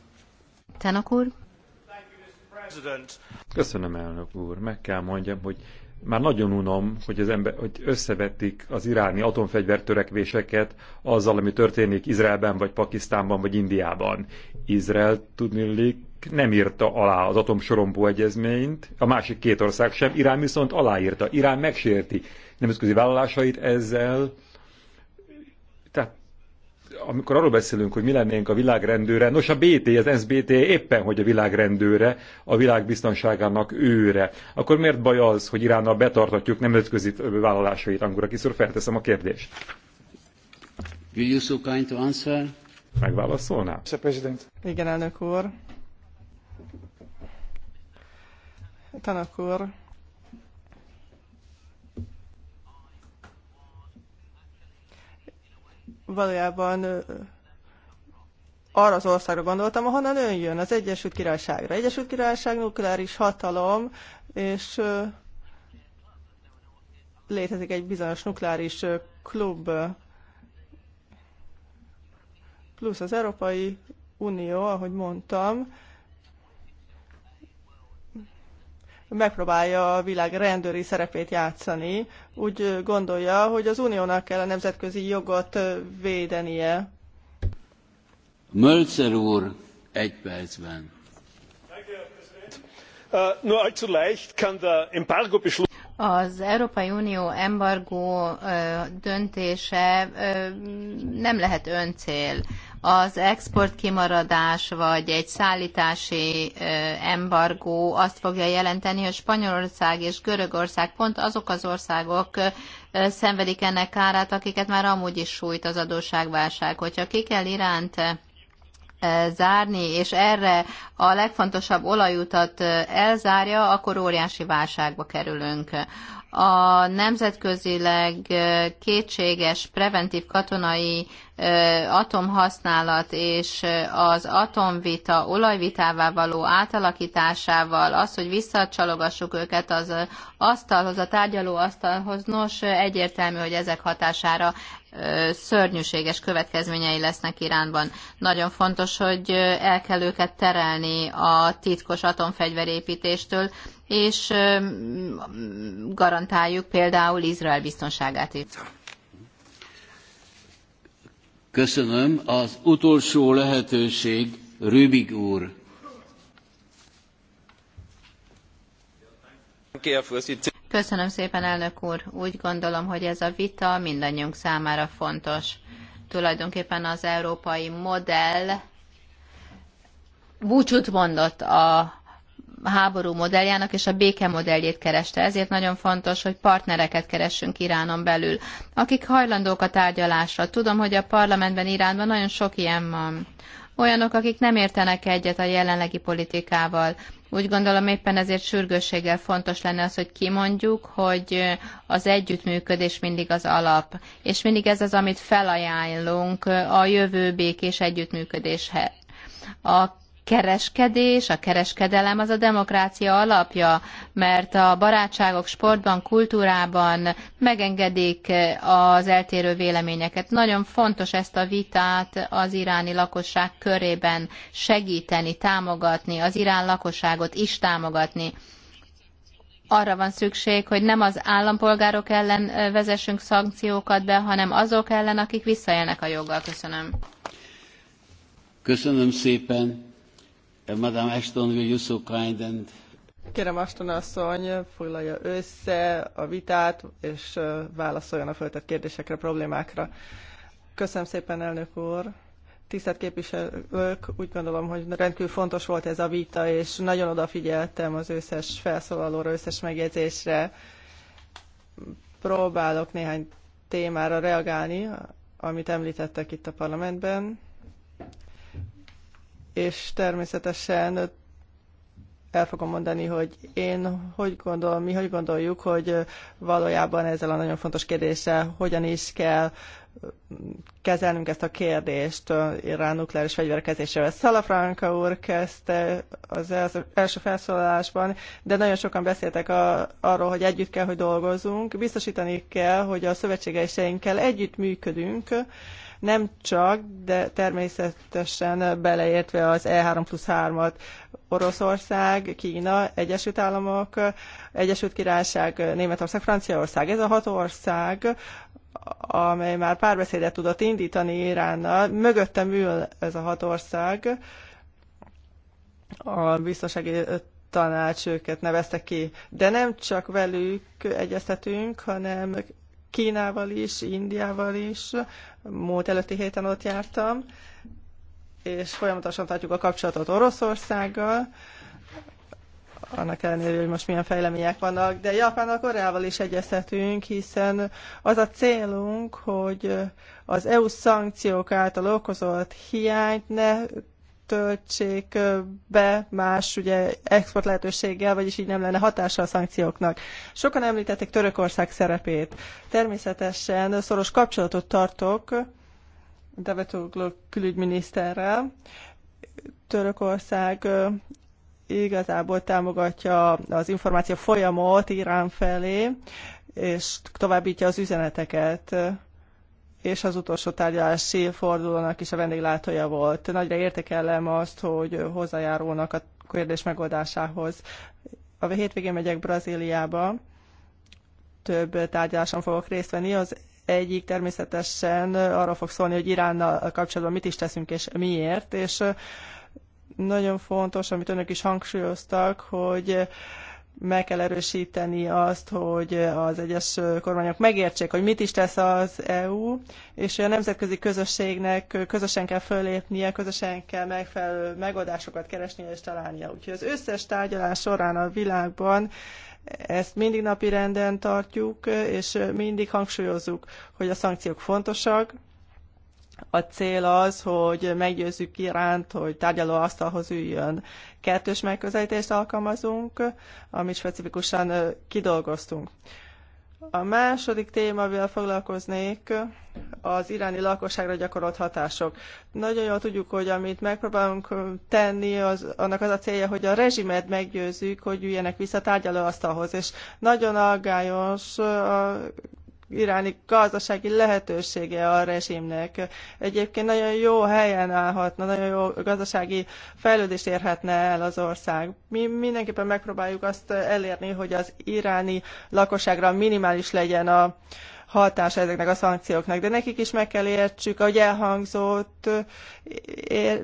Tenok úr? Köszönöm, elnök úr. Meg kell mondjam, hogy már nagyon unom, hogy, az ember, hogy összevetik az iráni törekvéseket azzal, ami történik Izraelben, vagy Pakisztánban, vagy Indiában. Izrael tudnilik nem írta alá az atomsorompó egyezményt, a másik két ország sem, Irán viszont aláírta. Irán megsérti nemzetközi vállalásait ezzel, amikor arról beszélünk, hogy mi lennénk a világrendőre, nos a BT, az SBT éppen, hogy a világrendőre, a világ biztonságának őre. Akkor miért baj az, hogy Iránnal betartatjuk nemzetközi vállalásait, Angura kiszor felteszem a kérdést? you so kind to answer? Megválaszolná? Igen, elnök úr. Tanak úr, valójában arra az országra gondoltam, ahonnan ön jön, az Egyesült Királyságra. Egyesült Királyság nukleáris hatalom, és létezik egy bizonyos nukleáris klub, plusz az Európai Unió, ahogy mondtam, megpróbálja a világ rendőri szerepét játszani, úgy gondolja, hogy az uniónak kell a nemzetközi jogot védenie. Mölzer úr, egy percben. Az Európai Unió embargó döntése nem lehet öncél az export kimaradás vagy egy szállítási embargó azt fogja jelenteni, hogy Spanyolország és Görögország pont azok az országok szenvedik ennek kárát, akiket már amúgy is sújt az adósságválság. Hogyha ki kell iránt zárni, és erre a legfontosabb olajutat elzárja, akkor óriási válságba kerülünk a nemzetközileg kétséges preventív katonai atomhasználat és az atomvita olajvitává való átalakításával, az, hogy visszacsalogassuk őket az asztalhoz, a tárgyaló asztalhoz, nos, egyértelmű, hogy ezek hatására szörnyűséges következményei lesznek Iránban. Nagyon fontos, hogy el kell őket terelni a titkos atomfegyverépítéstől, és garantáljuk például Izrael biztonságát itt. Köszönöm. Az utolsó lehetőség Rübig úr. Köszönöm szépen, elnök úr. Úgy gondolom, hogy ez a vita mindannyiunk számára fontos. Tulajdonképpen az európai modell búcsút mondott a háború modelljának és a béke modelljét kereste. Ezért nagyon fontos, hogy partnereket keressünk Iránon belül, akik hajlandók a tárgyalásra. Tudom, hogy a parlamentben Iránban nagyon sok ilyen van. Olyanok, akik nem értenek egyet a jelenlegi politikával. Úgy gondolom éppen ezért sürgősséggel fontos lenne az, hogy kimondjuk, hogy az együttműködés mindig az alap, és mindig ez az, amit felajánlunk a jövő békés együttműködéshez a kereskedés, a kereskedelem az a demokrácia alapja, mert a barátságok sportban, kultúrában megengedik az eltérő véleményeket. Nagyon fontos ezt a vitát az iráni lakosság körében segíteni, támogatni, az irán lakosságot is támogatni arra van szükség, hogy nem az állampolgárok ellen vezessünk szankciókat be, hanem azok ellen, akik visszaélnek a joggal. Köszönöm. Köszönöm szépen. Eh, Madame Ashton, will you so kind and... Kérem Ashton asszony, foglalja össze a vitát, és eh, válaszoljon a föltett kérdésekre, problémákra. Köszönöm szépen, elnök úr! Tisztelt képviselők, úgy gondolom, hogy rendkívül fontos volt ez a vita, és nagyon odafigyeltem az összes felszólalóra, összes megjegyzésre. Próbálok néhány témára reagálni, amit említettek itt a parlamentben és természetesen el fogom mondani, hogy én hogy gondolom, mi hogy gondoljuk, hogy valójában ezzel a nagyon fontos kérdéssel hogyan is kell kezelnünk ezt a kérdést Irán nukleáris fegyverkezésével. Szalafranka úr kezdte az első felszólalásban, de nagyon sokan beszéltek a, arról, hogy együtt kell, hogy dolgozunk. Biztosítani kell, hogy a szövetségeseinkkel együtt működünk, nem csak, de természetesen beleértve az E3 plusz 3-at, Oroszország, Kína, Egyesült Államok, Egyesült Királyság, Németország, Franciaország. Ez a hat ország, amely már párbeszédet tudott indítani Iránnal. Mögöttem ül ez a hat ország. A biztonsági tanács őket nevezte ki. De nem csak velük egyeztetünk, hanem Kínával is, Indiával is. Múlt előtti héten ott jártam, és folyamatosan tartjuk a kapcsolatot Oroszországgal, annak ellenére, hogy most milyen fejlemények vannak, de Japánnal, Koreával is egyeztetünk, hiszen az a célunk, hogy az EU szankciók által okozott hiányt ne töltsék be más ugye export lehetőséggel, vagyis így nem lenne hatása a szankcióknak. Sokan említették Törökország szerepét. Természetesen szoros kapcsolatot tartok Davutoglu külügyminiszterrel. Törökország igazából támogatja az információ folyamot Irán felé, és továbbítja az üzeneteket és az utolsó tárgyalási fordulónak is a vendéglátója volt. Nagyra értékelem azt, hogy hozzájárulnak a kérdés megoldásához. A hétvégén megyek Brazíliába, több tárgyaláson fogok részt venni. Az egyik természetesen arra fog szólni, hogy Iránnal kapcsolatban mit is teszünk és miért, és nagyon fontos, amit önök is hangsúlyoztak, hogy meg kell erősíteni azt, hogy az egyes kormányok megértsék, hogy mit is tesz az EU, és a nemzetközi közösségnek közösen kell fölépnie, közösen kell megfelelő megoldásokat keresnie és találnia. Úgyhogy az összes tárgyalás során a világban ezt mindig napi renden tartjuk, és mindig hangsúlyozzuk, hogy a szankciók fontosak, a cél az, hogy meggyőzzük Iránt, hogy tárgyalóasztalhoz üljön. Kettős megközelítést alkalmazunk, amit specifikusan kidolgoztunk. A második téma, amivel foglalkoznék, az iráni lakosságra gyakorolt hatások. Nagyon jól tudjuk, hogy amit megpróbálunk tenni, az, annak az a célja, hogy a rezsimet meggyőzzük, hogy üljenek vissza tárgyalóasztalhoz, és nagyon aggályos a iráni gazdasági lehetősége a rezsimnek. Egyébként nagyon jó helyen állhatna, nagyon jó gazdasági fejlődést érhetne el az ország. Mi mindenképpen megpróbáljuk azt elérni, hogy az iráni lakosságra minimális legyen a hatása ezeknek a szankcióknak, de nekik is meg kell értsük, ahogy elhangzott,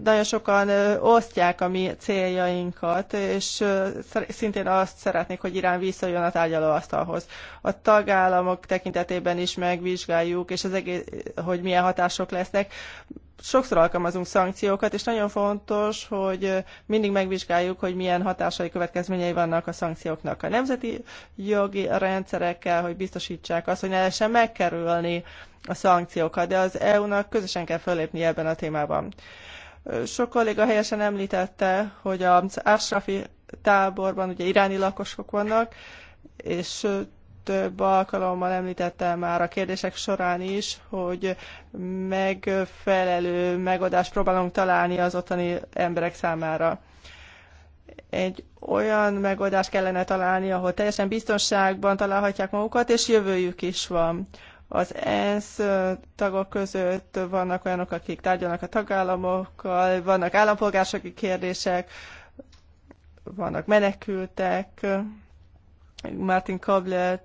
nagyon sokan osztják a mi céljainkat, és szintén azt szeretnék, hogy Irán visszajön a tárgyalóasztalhoz. A tagállamok tekintetében is megvizsgáljuk, és az egész, hogy milyen hatások lesznek sokszor alkalmazunk szankciókat, és nagyon fontos, hogy mindig megvizsgáljuk, hogy milyen hatásai, következményei vannak a szankcióknak a nemzeti jogi rendszerekkel, hogy biztosítsák azt, hogy ne lehessen megkerülni a szankciókat, de az EU-nak közösen kell fölépni ebben a témában. Sok kolléga helyesen említette, hogy az Ashrafi táborban ugye iráni lakosok vannak, és több alkalommal említettem már a kérdések során is, hogy megfelelő megoldást próbálunk találni az ottani emberek számára. Egy olyan megoldást kellene találni, ahol teljesen biztonságban találhatják magukat, és jövőjük is van. Az ENSZ tagok között vannak olyanok, akik tárgyalnak a tagállamokkal, vannak állampolgársági kérdések, vannak menekültek, Martin Kabler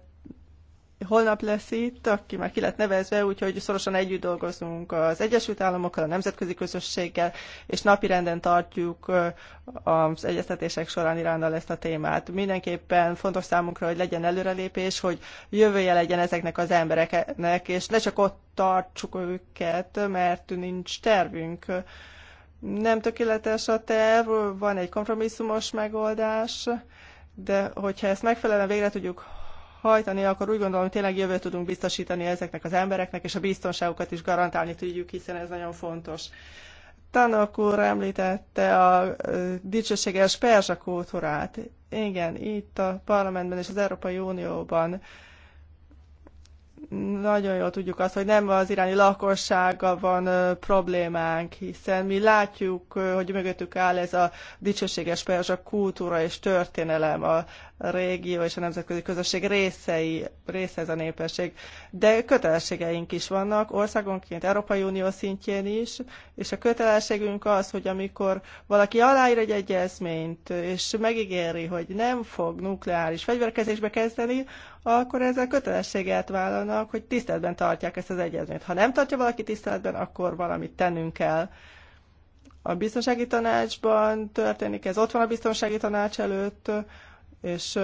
holnap lesz itt, aki már ki lett nevezve, úgyhogy szorosan együtt dolgozunk az Egyesült Államokkal, a nemzetközi közösséggel, és napirenden tartjuk az egyeztetések során Iránnal ezt a témát. Mindenképpen fontos számunkra, hogy legyen előrelépés, hogy jövője legyen ezeknek az embereknek, és ne csak ott tartsuk őket, mert nincs tervünk. Nem tökéletes a terv, van egy kompromisszumos megoldás, de hogyha ezt megfelelően végre tudjuk hajtani, akkor úgy gondolom, hogy tényleg jövőt tudunk biztosítani ezeknek az embereknek, és a biztonságukat is garantálni tudjuk, hiszen ez nagyon fontos. Tanak úr említette a dicsőséges perzsa kultúrát. Igen, itt a parlamentben és az Európai Unióban nagyon jól tudjuk azt, hogy nem az iráni lakossága van problémánk, hiszen mi látjuk, hogy mögöttük áll ez a dicsőséges perzsa kultúra és történelem, a régió és a nemzetközi közösség részei, része ez a népesség. De kötelességeink is vannak országonként, Európai Unió szintjén is, és a kötelességünk az, hogy amikor valaki aláír egy egyezményt, és megígéri, hogy nem fog nukleáris fegyverkezésbe kezdeni, akkor ezzel kötelességet vállalnak, hogy tiszteletben tartják ezt az egyezményt. Ha nem tartja valaki tiszteletben, akkor valamit tennünk kell. A biztonsági tanácsban történik ez, ott van a biztonsági tanács előtt, és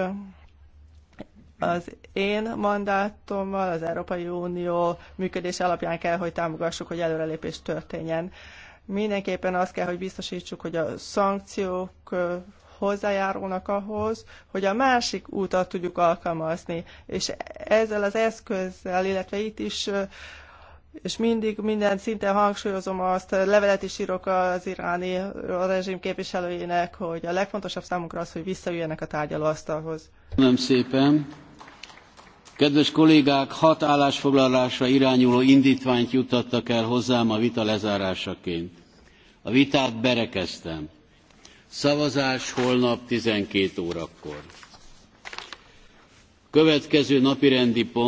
az én mandátommal az Európai Unió működése alapján kell, hogy támogassuk, hogy előrelépés történjen. Mindenképpen azt kell, hogy biztosítsuk, hogy a szankciók hozzájárulnak ahhoz, hogy a másik útat tudjuk alkalmazni. És ezzel az eszközzel, illetve itt is és mindig minden szinten hangsúlyozom azt, levelet is írok az iráni a rezsim képviselőjének, hogy a legfontosabb számunkra az, hogy visszaüljenek a tárgyalóasztalhoz. Köszönöm szépen. Kedves kollégák, hat állásfoglalásra irányuló indítványt juttattak el hozzám a vita lezárásaként. A vitát berekeztem. Szavazás holnap 12 órakor. Következő napirendi pont